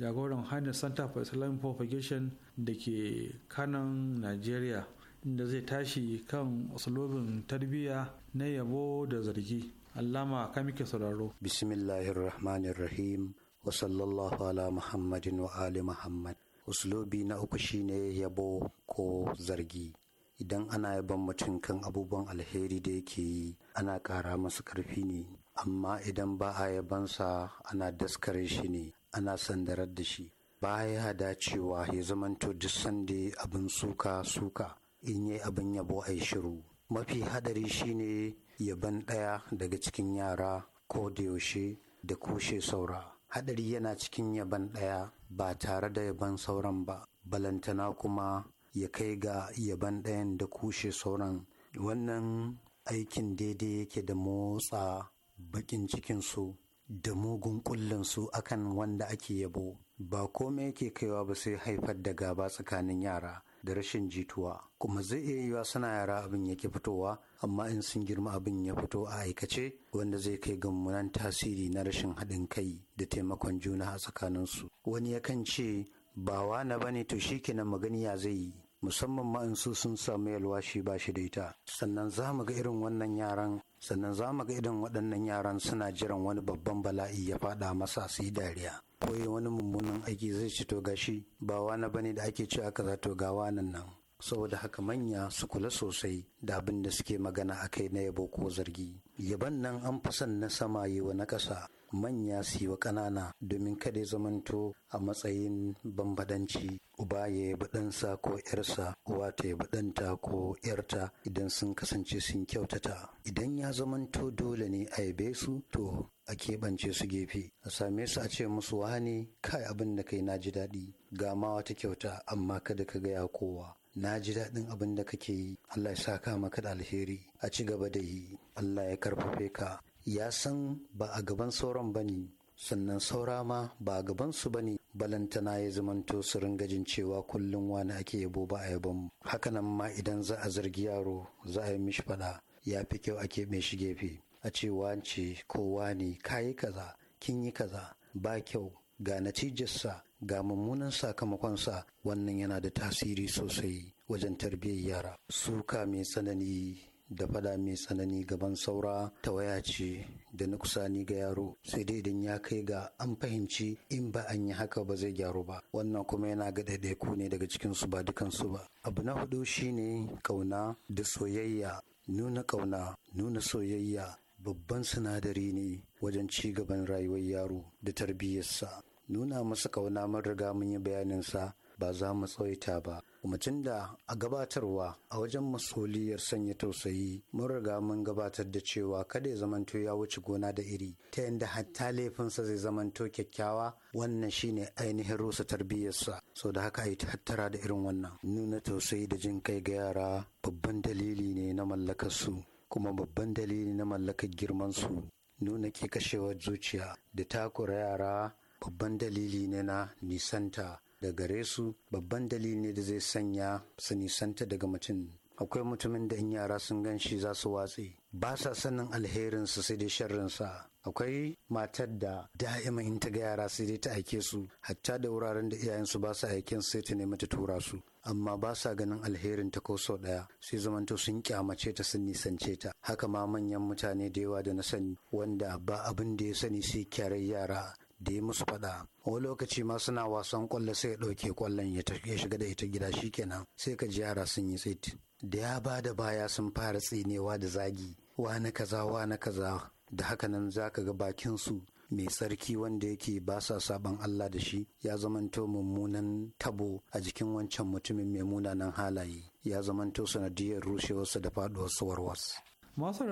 jagoran hannun center for islamic propagation da ke kanan nigeria inda zai tashi kan usulobin tarbiyya na yabo da zargi allama kamike sauraro bismillahirrahmanirrahim wa sallallahu ala muhammadin wa ali muhammad usulobi na uku shine yabo ko zargi idan ana yaban mutum kan abubuwan alheri da yake yi ana kara masa karfi ne amma idan ba a yabansa ana daskare shi ne ana sandarar da shi Ba baya cewa ya zamanto duk sanda abin suka suka in yi abin yabo a shiru mafi hadari shine yaban ɗaya daga cikin yara ko da yaushe da kushe saura hadari yana cikin yaban ɗaya ba tare da yaban sauran ba balantana kuma ya kai ga yaban ɗayan da kushe sauran wannan aikin daidai yake da motsa bakin cikinsu da mugun kullin su akan wanda ake yabo ba komai yake kaiwa ba sai haifar da gaba tsakanin yara da rashin jituwa kuma zai iya yiwa suna yara abin yake fitowa amma in sun girma abin ya fito a aikace wanda zai kai ga tasiri na rashin haɗin kai da taimakon juna a tsakaninsu wani yakan ce ba wane ba ne to shi kenan magani ya zai yi musamman ma in su sun samu yalwa shi ba shi da ita sannan za mu ga irin wannan yaran sannan za mu ga irin waɗannan yaran suna jiran wani babban bala'i ya faɗa masa su yi dariya ko wani mummunan aiki zai ci to gashi ba wani bane da ake cewa kaza to ga nan saboda haka manya su kula sosai da abin da suke magana a kai na yabo ko zargi yaban nan an fasan na sama yi wa na ƙasa manya su yi wa ƙanana domin kada ya zamanto a matsayin bambadanci uba ya yi baɗansa ko ‘yarsa uwa ta yi baɗanta ko ‘yarta idan sun kasance sun kyautata idan ya zamanto dole ne a yabe su to a keɓance su gefe a same su a ce musu wani kai abin da kai na ji daɗi ga ma wata kyauta amma kada ka gaya kowa na ji daɗin abin da kake yi Allah ya sa ka maka da alheri a ci gaba da yi Allah ya karfafe ka ya san ba a gaban sauran ba ne sannan saura ma ba a gaban su ba ne balantana ya zamanto su gajin cewa kullum wani ake yabo ba a yabon hakanan ma idan za a zargi yaro za a yi mishi faɗa ya fi kyau a keɓe shi gefe a ce wance ko wani kayi kaza kin yi kaza ba kyau ga natijarsa ga mummunan sakamakonsa wannan yana da tasiri sosai wajen tarbiyyar yara suka mai tsanani da fada mai tsanani gaban saura ta waya ce da na kusani ga yaro sai dai idan ya kai ga an fahimci in ba an yi haka ba zai gyaru ba wannan kuma yana ga ɗaiɗaiku ne daga cikin su ba dukansu ba abu na hudu shine ƙauna da soyayya nuna ƙauna nuna soyayya babban sinadari ne wajen ci gaban rayuwar yaro da tarbiyyarsa nuna masa ƙauna mun riga mun yi bayaninsa ba za mu tsawaita ba mutum da a gabatarwa a wajen masoliyar sanya tausayi mun riga mun gabatar da cewa kada ya zamanto ya wuce gona da iri ta yadda hatta laifinsa zai zamanto kyakkyawa wannan shine ainihin rusa tarbiyyarsa sau da haka yi tattara da irin wannan nuna tausayi da jin kai ga yara babban dalili ne na mallakar su kuma babban dalili na mallakar girmansu nuna ke kashewar zuciya da takura yara babban dalili ne na nisanta da gare su babban dalili ne da zai sanya su nisanta daga mutum akwai mutumin da in yara sun gan shi za su watse ba sa sanin alherinsu sai dai sharrinsa akwai matar da da'ima in ta ga yara sai dai ta aike su hatta da wuraren da iyayensu ba sa aikin sai ta nemi ta tura su amma ba sa ganin alherin ta ko sau ɗaya sai zamanto sun kyamace ta sun nisance ta haka ma manyan mutane da yawa da na sani wanda ba abin da ya sani sai kyarai yara da ya musu faɗa wani lokaci ma suna wasan kwallo sai ya ɗauke kwallon ya shiga da ita gida shi kenan. sai ka ji yara sun yi tsit da ya ba da baya sun fara tsinewa da zagi wa na kaza wa na kaza da haka nan za ka ga bakin su mai tsarki wanda yake ba sa saban Allah da shi ya zamanto mummunan tabo a jikin wancan mutumin mai munanan halaye ya zamanto sanadiyar rushewarsa da faduwar warwas. masu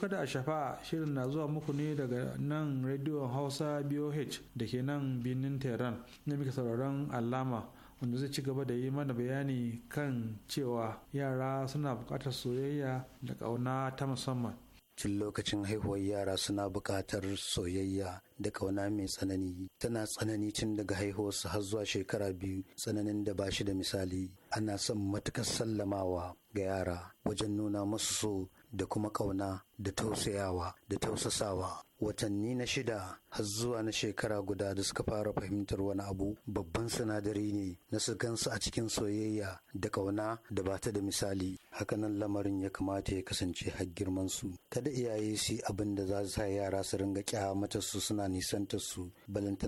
kada a shafa shirin na zuwa muku ne daga nan rediyon hausa boh da ke nan birnin tehran na mika sauraron alama wanda zai ci gaba da yi mana bayani kan cewa yara suna bukatar soyayya da ƙauna ta musamman tun lokacin haihuwar yara suna bukatar soyayya da ƙauna mai tsanani tana tsanani tun daga haihuwarsu har zuwa shekara biyu tsananin da ba shi da misali ana son matukar sallamawa ga yara wajen nuna masu so da kuma ƙauna da tausayawa da tausasawa watanni na shida har zuwa na shekara guda da suka fara fahimtar wani abu babban sinadari ne na su gansu a cikin soyayya da ƙauna da ba ta da misali hakanan lamarin ya kamata ya kasance har girman su kada iyaye su abin da za su yara su ringa kyamata su suna nisantar su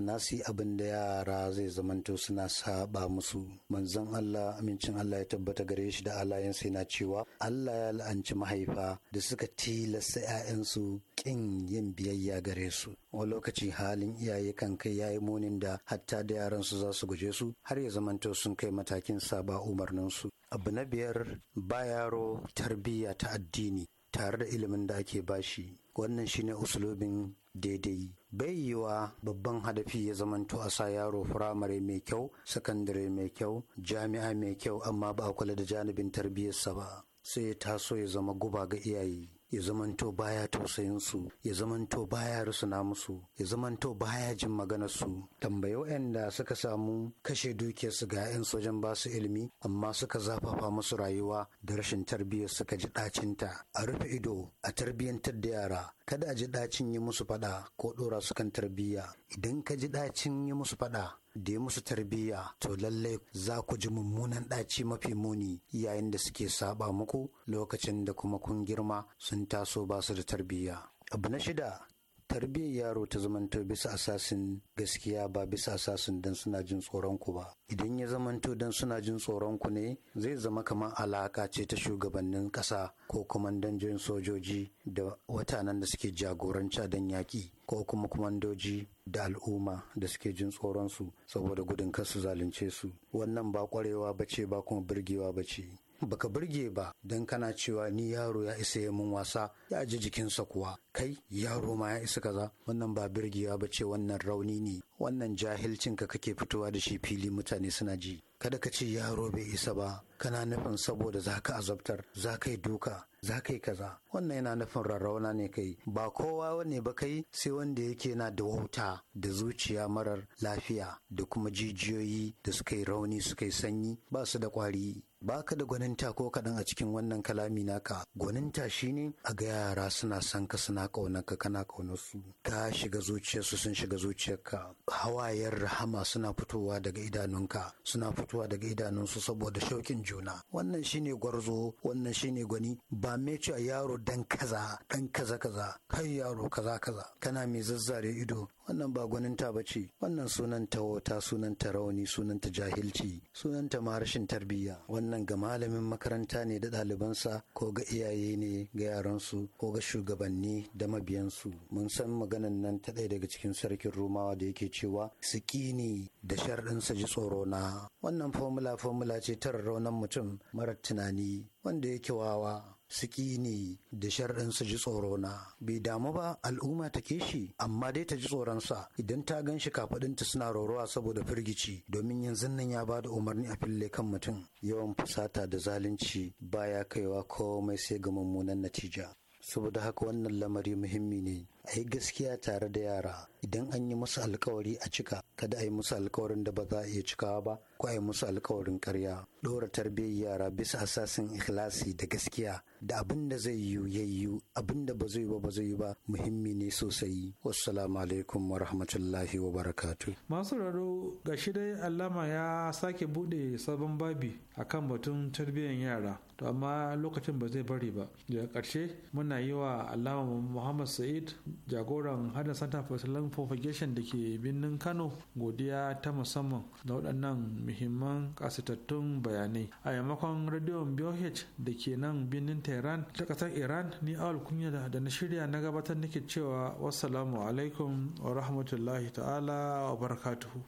na su abin da yara zai zamanto suna saba musu manzon Allah amincin Allah ya tabbata gare shi da alayensa yana cewa Allah ya la'anci mahaifa da suka tilasta tilasta 'ya'yansu kin yin biyayya gare su wani lokaci halin iyaye kan kai yayi munin da hatta da yaran su za su guje su har ya zamanto sun kai matakin saba umarnin su abu na biyar ba yaro tarbiyya ta addini tare da ilimin da ake bashi wannan shine usulobin daidai bai yiwa babban hadafi ya zamanto a sa yaro firamare mai kyau sakandare mai kyau jami'a mai kyau amma ba a kula da janibin tarbiyyarsa ba sai ya taso ya zama guba ga iyaye ya zamanto baya tausayinsu ya zamanto baya rusuna musu ya zamanto baya jin maganarsu tambayi waɗanda suka samu kashe dukiyarsu ga 'yan sojan ba su ilimi amma suka zafafa musu rayuwa da rashin tarbiyyar suka ji ɗacinta a rufe ido a tarbiyyantar da yara kada a ji ɗacin yi musu faɗa ko ɗora su kan tarbiyya idan ka ji ɗacin yi musu faɗa da ya musu tarbiyya to lallai za ku ji mummunan ɗaci mafi muni yayin da suke saba muku lokacin da kuma kun girma sun taso ba su da tarbiyya. Abu na shida tarbiyyar yaro ta zamanto bisa asasin gaskiya ba bisa asasin dan suna jin tsoron ku ba idan ya zamanto dan suna jin tsoron ku ne zai zama kamar alaƙa ce ta shugabannin ƙasa ko kumandanjin sojoji da watanan da suke jagoranci dan yaƙi ko kuma kumandoji da al'umma da suke jin tsoron su saboda gudun kar su zalunce su wannan ba kwarewa bace ba kuma birgewa bace baka burge ba don kana cewa ni yaro ya isa min wasa ya ji jikinsa kuwa kai yaro ma ya isa kaza wannan ba birgewa ba ce wannan rauni ne wannan jahilcin ka kake fitowa da shi fili mutane suna ji kada ka ce yaro bai isa ba kana nufin saboda zaka azabtar za yi duka za ka yi kaza wannan yana nufin rarrauna ne kai ba kowa ne ba kai sai wanda yake na da wauta da zuciya marar lafiya da kuma jijiyoyi da suka yi rauni suka yi sanyi ba su da kwari ba ka da gwaninta ko kaɗan a cikin wannan kalami naka gwaninta shine a ga yara suna son ka suna ƙaunarka kana su. ka shiga zuciyarsu sun shiga zuciyar ka. hawayen rahama suna fitowa daga idanunka suna fitowa daga idanunsu saboda shauƙin juna wannan shine gwarzo wannan shine gwani ba mame a yaro dan kaza dan kaza kaza kai yaro kaza kaza kana mai zazzare ido wannan ba gwaninta ba ce wannan sunan ta wata sunan ta rauni sunan ta jahilci sunan ta ma rashin tarbiyya wannan ga malamin makaranta ne da ɗalibansa ko ga iyaye ne ga yaransu ko ga shugabanni da mabiyansu mun san maganan nan ta ɗaya daga cikin sarkin romawa da yake cewa sikini da sharɗinsa ji tsoro na wannan fomula fomula ce ta raunan mutum mara tunani wanda yake wawa suki ne da sharɗin su ji tsoro na bai damu ba al'umma ta ke shi amma dai ta ji tsoron sa. idan ta gan shi kafaɗinta suna rorowa saboda firgici domin yanzu nan ya ba da umarni a fille kan mutum yawan fusata da zalunci baya kaiwa komai sai ga mummunan natija saboda haka wannan lamari muhimmi ne a yi gaskiya tare da yara idan an yi musu alkawari a cika kada a yi musu alkawarin da ba za a iya cikawa ba ko a yi musu alkawarin karya ɗora tarbiyyar yara bisa asasin ikhlasi da gaskiya da abin da zai yiwu ya yiwu abin da ba zai ba ba zai ba muhimmi ne sosai wassalamu alaikum wa rahmatullahi wa barakatu masu raro ga shi dai allama ya sake bude sabon babi akan batun tarbiyyar yara to amma lokacin ba zai bari ba daga ƙarshe muna yi wa allama muhammad sa'id jagoran hada santa for islam propagation da ke birnin kano godiya ta musamman da waɗannan muhimman kasitattun bayanai a yamakon rediyon bioh da ke nan birnin tehran ta ƙasar iran ni awal kunya da na shirya na gabatar nake cewa wassalamu alaikum wa rahmatullahi ta'ala wa barakatuhu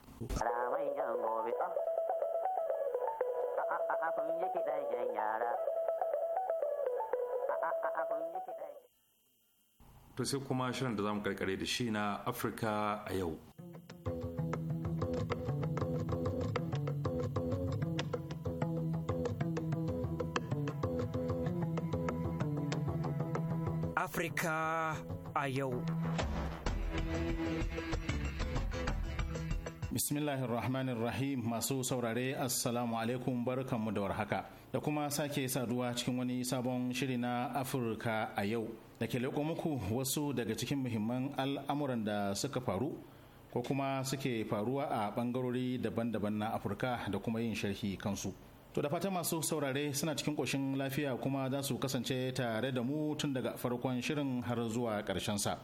to sai kuma shirin da za mu karkare da shi na afirka a yau afirka a yau bismillahir rahmanir rahim masu saurare assalamu alaikum barkanmu da warhaka da kuma sake saduwa cikin wani sabon shiri na afirka a yau da ke leƙo muku wasu daga cikin muhimman al'amuran da suka faru ko kuma suke faruwa a ɓangarori daban-daban na afirka da kuma yin sharhi kansu to da fata masu saurare suna cikin ƙoshin lafiya kuma za su kasance tare da mu tun daga farkon shirin har zuwa ƙarshen sa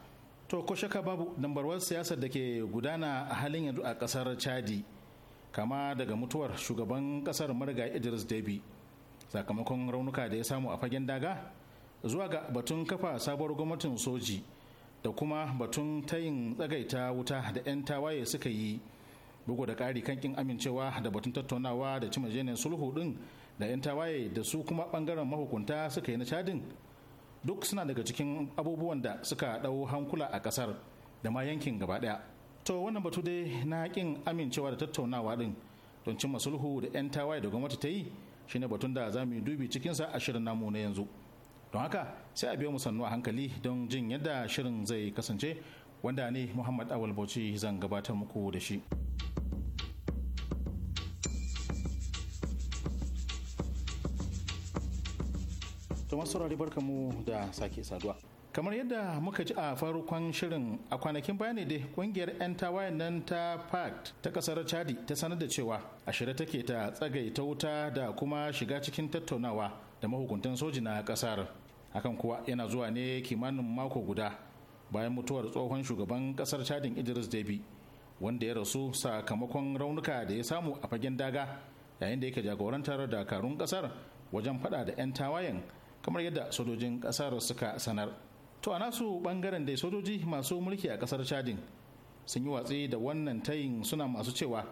to ko shaka babu dambarwar siyasar da ke gudana a halin yanzu a ƙasar chadi kama daga mutuwar shugaban ƙasar marga idris debi sakamakon raunuka da ya samu a fagen daga zuwa ga batun kafa sabuwar gwamnatin soji da kuma batun tayin tsagaita wuta da 'yan tawaye suka yi bugu da ƙari kan amincewa da batun tattaunawa da cima jenin sulhu din da 'yan tawaye da su kuma ɓangaren mahukunta suka yi na cadin duk suna daga cikin abubuwan da suka ɗau hankula a ƙasar da ma yankin gaba ɗaya to wannan batu dai na kin amincewa da tattaunawa din don cimma sulhu da 'yan tawaye da gwamnati ta yi shine batun da za mu yi dubi cikinsa a shirin namu na yanzu don haka sai a biyo mu sannu a hankali don jin yadda shirin zai kasance wanda ne muhammad awal bauchi zan gabatar muku da shi to saurari barkamu da sake saduwa kamar yadda muka ji a farkon shirin a kwanakin baya ne dai kungiyar 'yan tawayen nan ta pact ta kasar chadi ta sanar da cewa a shirye take ta tsagai ta wuta da kuma shiga cikin tattaunawa da mahukuntan soji na kasar hakan kuwa yana zuwa ne kimanin mako guda bayan mutuwar tsohon shugaban kasar chadin idris debi wanda ya rasu sakamakon raunuka da ya samu a fagen daga yayin da yake jagorantar dakarun kasar wajen fada da 'yan tawayen kamar yadda sojojin kasar suka sanar to a nasu bangaren dai sojoji masu mulki a kasar chadin sun yi watsi da wannan tayin suna masu cewa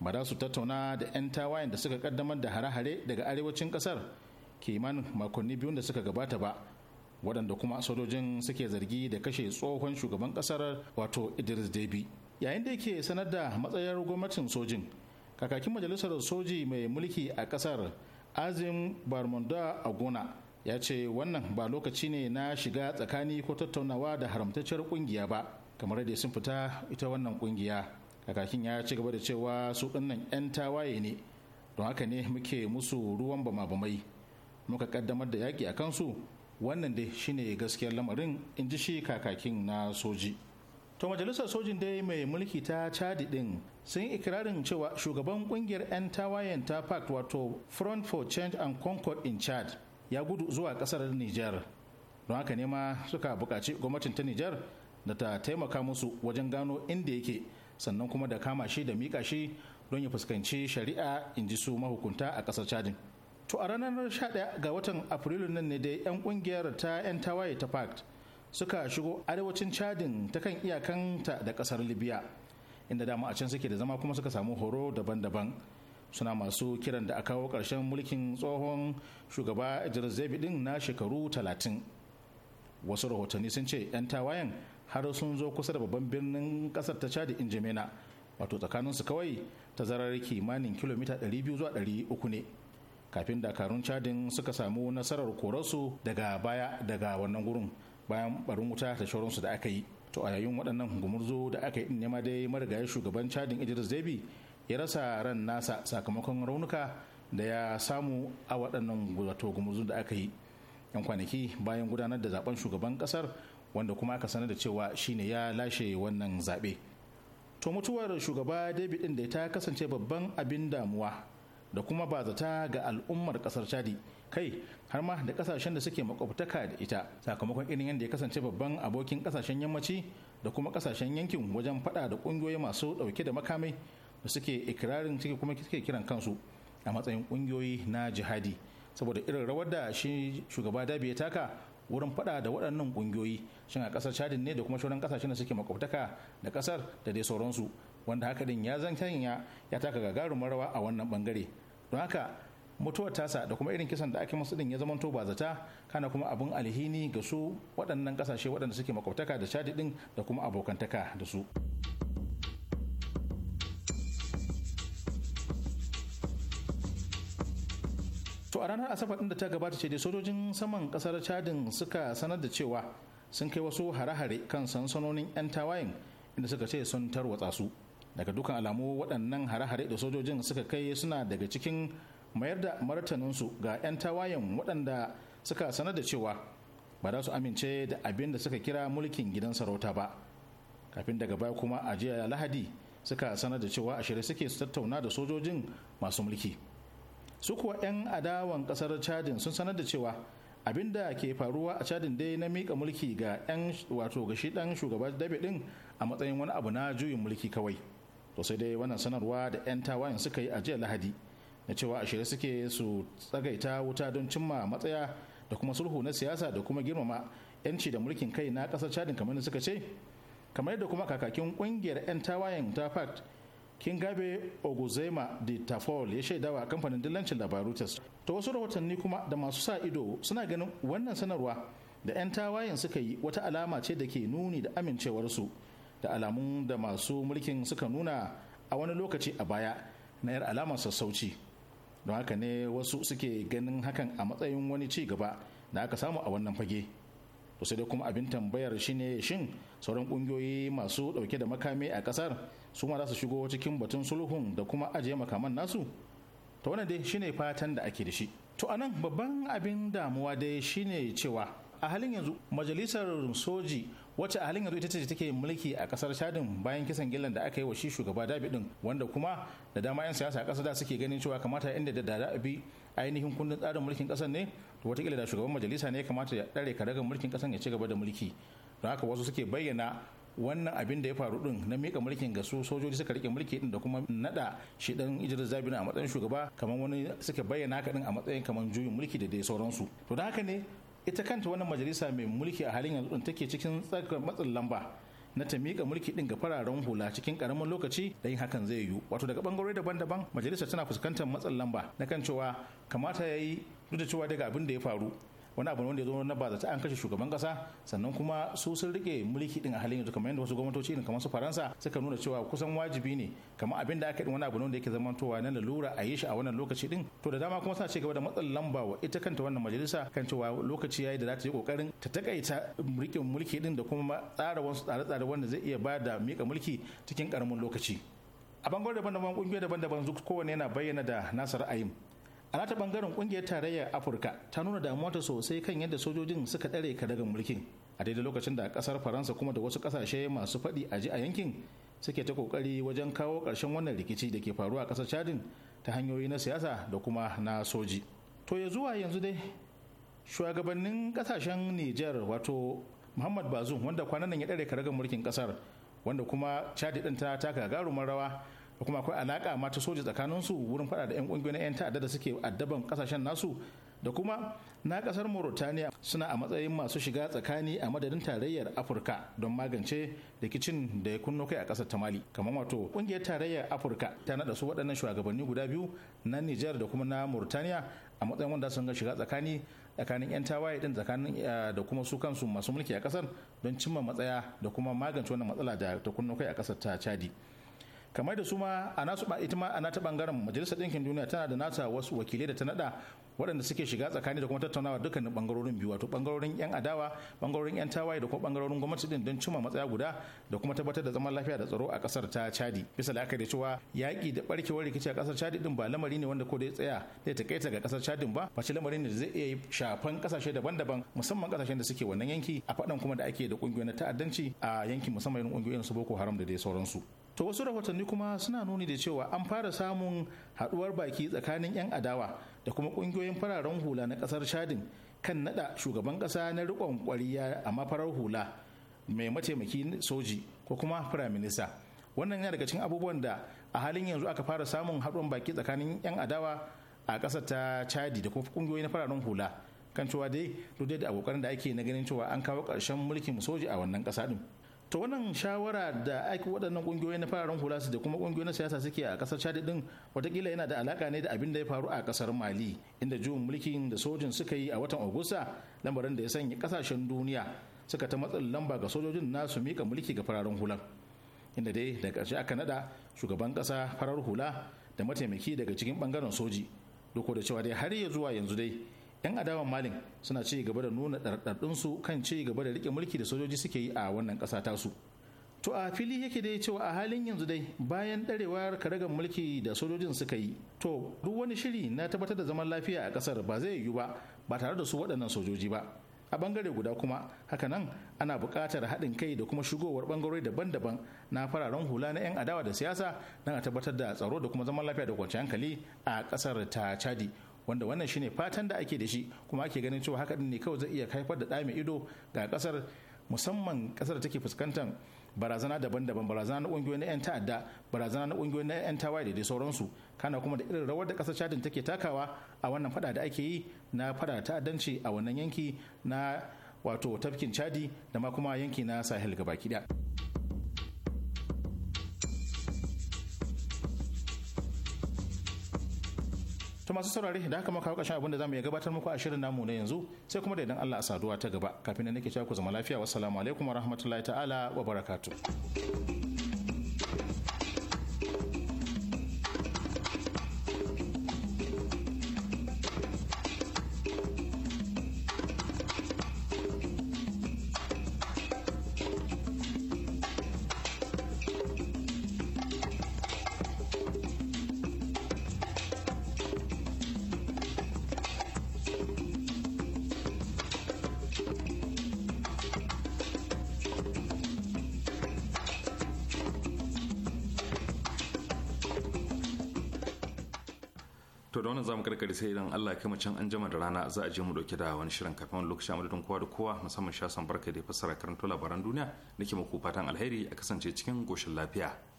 ba za su tattauna da 'yan tawayen da suka kaddamar da hare-hare daga arewacin kasar kimanin makonni biyun da suka gabata ba waɗanda kuma sojojin suke zargi da kashe tsohon shugaban kasar wato idris debi yayin da yake sanar da matsayar gwamnatin sojin kakakin majalisar soji mai mulki a kasar azim barmonda gona. ya ce wannan ba lokaci ne na shiga tsakani ko tattaunawa da haramtacciyar kungiya ba kamar da sun fita ita wannan kungiya kakakin ya ci gaba da cewa su dinnan 'yan tawaye ne don haka ne muke musu ruwan bama-bamai muka kaddamar da yaki a kansu wannan dai shine gaskiyar lamarin in ji shi kakakin na soji to majalisar sojin dai mai mulki ta chadi din sun yi ikirarin cewa shugaban kungiyar 'yan tawayen ta pact wato front for change and concord in chad ya gudu zuwa kasar Nijar. Don haka ne ma suka bukaci gwamnatin ta Nijar da ta taimaka musu wajen gano inda yake sannan kuma da kama shi da mika shi don ya fuskanci shari'a in ji su mahukunta a kasar Chadin. To a ranar 11 ga watan Afrilu nan ne dai 'yan kungiyar ta 'yan tawaye ta Pact suka shigo arewacin Chadin ta kan iyakanta da kasar Libya. Inda dama a can suke da zama kuma suka samu horo daban-daban. suna masu kiran da a kawo ƙarshen mulkin tsohon shugaba idris zebi din na shekaru talatin wasu rahotanni sun ce 'yan tawayen har sun zo kusa da babban birnin kasar ta chadi injimena wato tsakaninsu kawai ta tazarar kimanin kilomita 200 zuwa 300 ne kafin dakarun cadin suka samu nasarar korarsu daga baya daga wannan gurin bayan barin wuta ta shauransu da aka yi to a yayin waɗannan gumurzo da aka yi nema dai marigayi shugaban cadin idris zebi ya rasa ran nasa sakamakon raunuka da ya samu a waɗannan wato gumuzu da aka yi yan kwanaki bayan gudanar da zaben shugaban kasar wanda kuma aka sanar da cewa shine ya lashe wannan zaɓe to mutuwar shugaba david ɗin da ta kasance babban abin damuwa da kuma ba zata ga al'ummar kasar chadi kai har ma da kasashen da suke makwabtaka da ita sakamakon irin yadda ya kasance babban abokin kasashen yammaci da kuma kasashen yankin wajen fada da kungiyoyi masu dauke da makamai da suke ikirarin suke kuma suke kiran kansu a matsayin kungiyoyi na jihadi saboda irin rawar da shi shugaba dabi ya taka wurin fada da waɗannan kungiyoyi shin a ƙasar chadin ne da kuma sauran ƙasashe da suke makwabtaka da ƙasar da dai sauransu wanda haka din ya zantanya ya taka gagarumin rawa a wannan bangare don haka mutuwar tasa da kuma irin kisan da ake masu din ya zamanto ba zata kana kuma abin alhini ga su waɗannan ƙasashe waɗanda suke makwabtaka da chadi din da kuma abokantaka da su. a ranar asabar din da ta gabata ce da sojojin saman kasar chadin suka sanar da cewa sun kai wasu hare-hare kan sansanonin 'yan tawayen inda suka ce sun tarwatsa su daga dukan alamu waɗannan hare-hare da sojojin suka kai suna daga cikin mayar da martaninsu ga 'yan tawayen waɗanda suka sanar da cewa ba za su amince da abin da suka kira mulkin gidan sarauta ba kafin daga baya kuma a jiya lahadi suka sanar da cewa a shirye suke su tattauna da sojojin masu mulki su kuwa 'yan adawan kasar chadin sun sanar da cewa abinda ke faruwa a chadin dai na mika mulki ga 'yan wato gashi dan shugaba dabe din a matsayin wani abu na juyin mulki kawai to sai dai wannan sanarwa da 'yan tawayen suka yi a jiya lahadi na cewa a shirye suke su tsagaita wuta don cimma matsaya da kuma sulhu na siyasa da kuma girmama 'yanci da mulkin kai na kasar chadin kamar suka ce kamar yadda kuma kakakin kungiyar 'yan tawayen ta fact gabe oguzema de tafol ya shaidawa kamfanin dillancin labaru ta ta wasu rahotanni kuma da masu sa ido suna ganin wannan sanarwa da 'yan tawayen suka yi wata alama ce da ke nuni da amincewarsu da alamun da masu mulkin suka nuna a wani lokaci a baya na yar alamar sassauci don haka ne wasu suke ganin hakan a matsayin wani ci gaba da aka samu a wannan fage. to sai dai kuma abin tambayar shine shin sauran kungiyoyi masu dauke da makami a kasar su ma za su shigo cikin batun sulhun da kuma ajiye makaman nasu to wannan dai shine fatan da ake da shi to anan babban abin damuwa dai shine cewa a halin yanzu majalisar soji wacce a halin yanzu ita ce take mulki a kasar shadin bayan kisan gillan da aka yi wa shi shugaba dabi din wanda kuma da dama yan siyasa a kasar da suke ganin cewa kamata inda da bi ainihin kundin tsarin mulkin kasan ne to wataƙila da shugaban majalisa ne ya kamata ya ɗare karagar mulkin kasan ya ci gaba da mulki don haka wasu suke bayyana wannan abin da ya faru din na mika mulkin ga su sojoji suka rike mulki din da kuma nada shi dan Idris Zabina a matsayin shugaba kamar wani suke bayyana haka din a matsayin kamar juyin mulki da dai sauransu to don haka ne ita kanta wannan majalisa mai mulki a halin yanzu din take cikin tsakar matsin lamba na ta miƙa mulki ɗin ga fararen hula cikin ƙaramin lokaci da yin hakan zai yiwu wato daga ɓangarori daban-daban majalisar tana fuskantar matsin lamba na kan cewa kamata ya yi duk da cewa daga abin da ya faru wani abu wanda ya zo na ba zata an kashe shugaban kasa sannan kuma su sun rike mulki din a halin yanzu kamar yadda wasu gwamnatoci irin kamar su faransa suka nuna cewa kusan wajibi ne kamar abin da aka yi wani abu wanda yake zamantowa na lalura a yi shi a wannan lokaci din to da dama kuma suna cigaba da matsin lamba wa ita kanta wannan majalisa kan cewa lokaci yayi da za ta yi kokarin ta takaita rike mulki din da kuma tsara wasu tsare-tsare wanda zai iya ba da mika mulki cikin karamin lokaci a bangon daban-daban kungiyar daban-daban kowane yana bayyana da nasa ra'ayin a nata bangaren kungiyar tarayyar afirka ta nuna damuwa sosai kan yadda sojojin suka tsare daga mulkin a daidai lokacin da kasar faransa kuma da wasu kasashe masu faɗi a ji a yankin suke ta kokari wajen kawo ƙarshen wannan rikici da ke faruwa a ƙasar chadin ta hanyoyi na siyasa da kuma na soji to ya zuwa yanzu dai shugabannin kasashen niger wato muhammad bazum wanda kwanan nan ya ka daga mulkin ƙasar wanda kuma chadi ɗin ta taka gagarumin rawa da kuma akwai alaka ma soja tsakanin su wurin fada da yan kungiyoyin yan ta'adda da suke addaban kasashen nasu da kuma na kasar Mauritania suna a matsayin masu shiga tsakani a madadin tarayyar Afirka don magance rikicin da ya kunno kai a kasar ta Mali kamar wato kungiyar tarayyar Afirka ta nada su waɗannan shugabanni guda biyu na Niger da kuma na Mauritania a matsayin wanda sun ga shiga tsakani tsakanin 'yan tawaye din tsakanin eh, da kuma su kansu masu mulki a kasar don cimma matsaya da kuma magance wannan matsala da ta kunno kai a kasar ta Chadi. kamar da su ma a nasu ba ita ma a nata bangaren majalisar ɗinkin duniya tana da nata wasu wakilai da ta nada waɗanda suke shiga tsakani da kuma tattaunawa dukkanin bangarorin biyu wato bangarorin yan adawa bangarorin yan tawaye da kuma bangarorin gwamnati din don cimma matsaya guda da kuma tabbatar da zaman lafiya da tsaro a kasar ta chadi bisa da cewa yaƙi da barkewar rikici a kasar chadi din ba lamari ne wanda ko da ya tsaya zai takaita ga kasar chadi ba face lamari ne da zai iya shafan kasashe daban-daban musamman kasashen da suke wannan yanki a faɗan kuma da ake da ƙungiyoyin ta'addanci a yankin musamman irin ƙungiyoyin su boko haram da dai sauransu to wasu rahotanni kuma suna nuni da cewa an fara samun haduwar baki tsakanin 'yan adawa da kuma kungiyoyin fararen hula na kasar shadin kan nada shugaban kasa na rikon kwariya a mafarar hula mai mataimaki soji ko kuma firaminista wannan yana daga cikin abubuwan da a halin yanzu aka fara samun haɗuwar baki tsakanin 'yan adawa a ƙasar ta chadi da kuma kungiyoyi na fararen hula kan cewa dai duk da abokan da ake na ganin cewa an kawo ƙarshen mulkin soji a wannan ƙasa din. to wannan shawara da aiki waɗannan ƙungiyoyi na fararen hula su da kuma ƙungiyoyi na siyasa suke a ƙasar chad din watakila yana da alaka ne da abin da ya faru a ƙasar mali inda juyin mulkin da sojin suka yi a watan agusta lambarin da ya sanya ƙasashen duniya suka ta matsin lamba ga sojojin nasu mika mulki ga fararen hulan inda dai da ƙarshe aka nada shugaban ƙasa farar hula da mataimaki daga cikin ɓangaren soji duk da cewa dai har ya zuwa yanzu dai yan adawan malin suna ci gaba da nuna ɗarɗarɗinsu kan ci gaba da rike mulki da sojoji suke yi a wannan ƙasa tasu to a fili yake dai cewa a halin yanzu dai bayan ɗarewar karagar mulki da sojojin suka yi to duk wani shiri na tabbatar da zaman lafiya a ƙasar ba zai yiwu ba ba tare da su waɗannan sojoji ba a bangare guda kuma hakanan ana buƙatar haɗin kai da kuma shigowar bangarori daban-daban na fararen hula na 'yan adawa da siyasa don a tabbatar da tsaro da kuma zaman lafiya da kwanciyar hankali a ƙasar ta chadi wanda wannan shine fatan da ake da shi kuma ake ganin cewa haka ne kawai zai iya haifar da ɗame ido ga kasar musamman kasar da take fuskantar barazana daban-daban barazana na ƙungiyoyin 'yan ta'adda barazana na ƙungiyoyin 'yan tawaye da sauransu kana kuma da irin rawar da kasar chadin take takawa a wannan fada da ake yi na fada ta'addanci a wannan yanki na wato tafkin chadi da ma kuma yanki na sahel gabaki daya to masu saurare da haka muka kawo abin da zamu iya gabatar muku a shirin namu na yanzu sai kuma da idan Allah a saduwa ta gaba kafin da nake cewa ku zama lafiya wassalamu alaikum wa ta'ala wa barakatuh wannan zamu karkare sai idan Allah ya can an da rana za a je mu dauke da wani shirin kafin lokacin madadin kowa da kowa musamman shasan barka da fassara karanto labaran duniya nake muku fatan alheri a kasance cikin goshin lafiya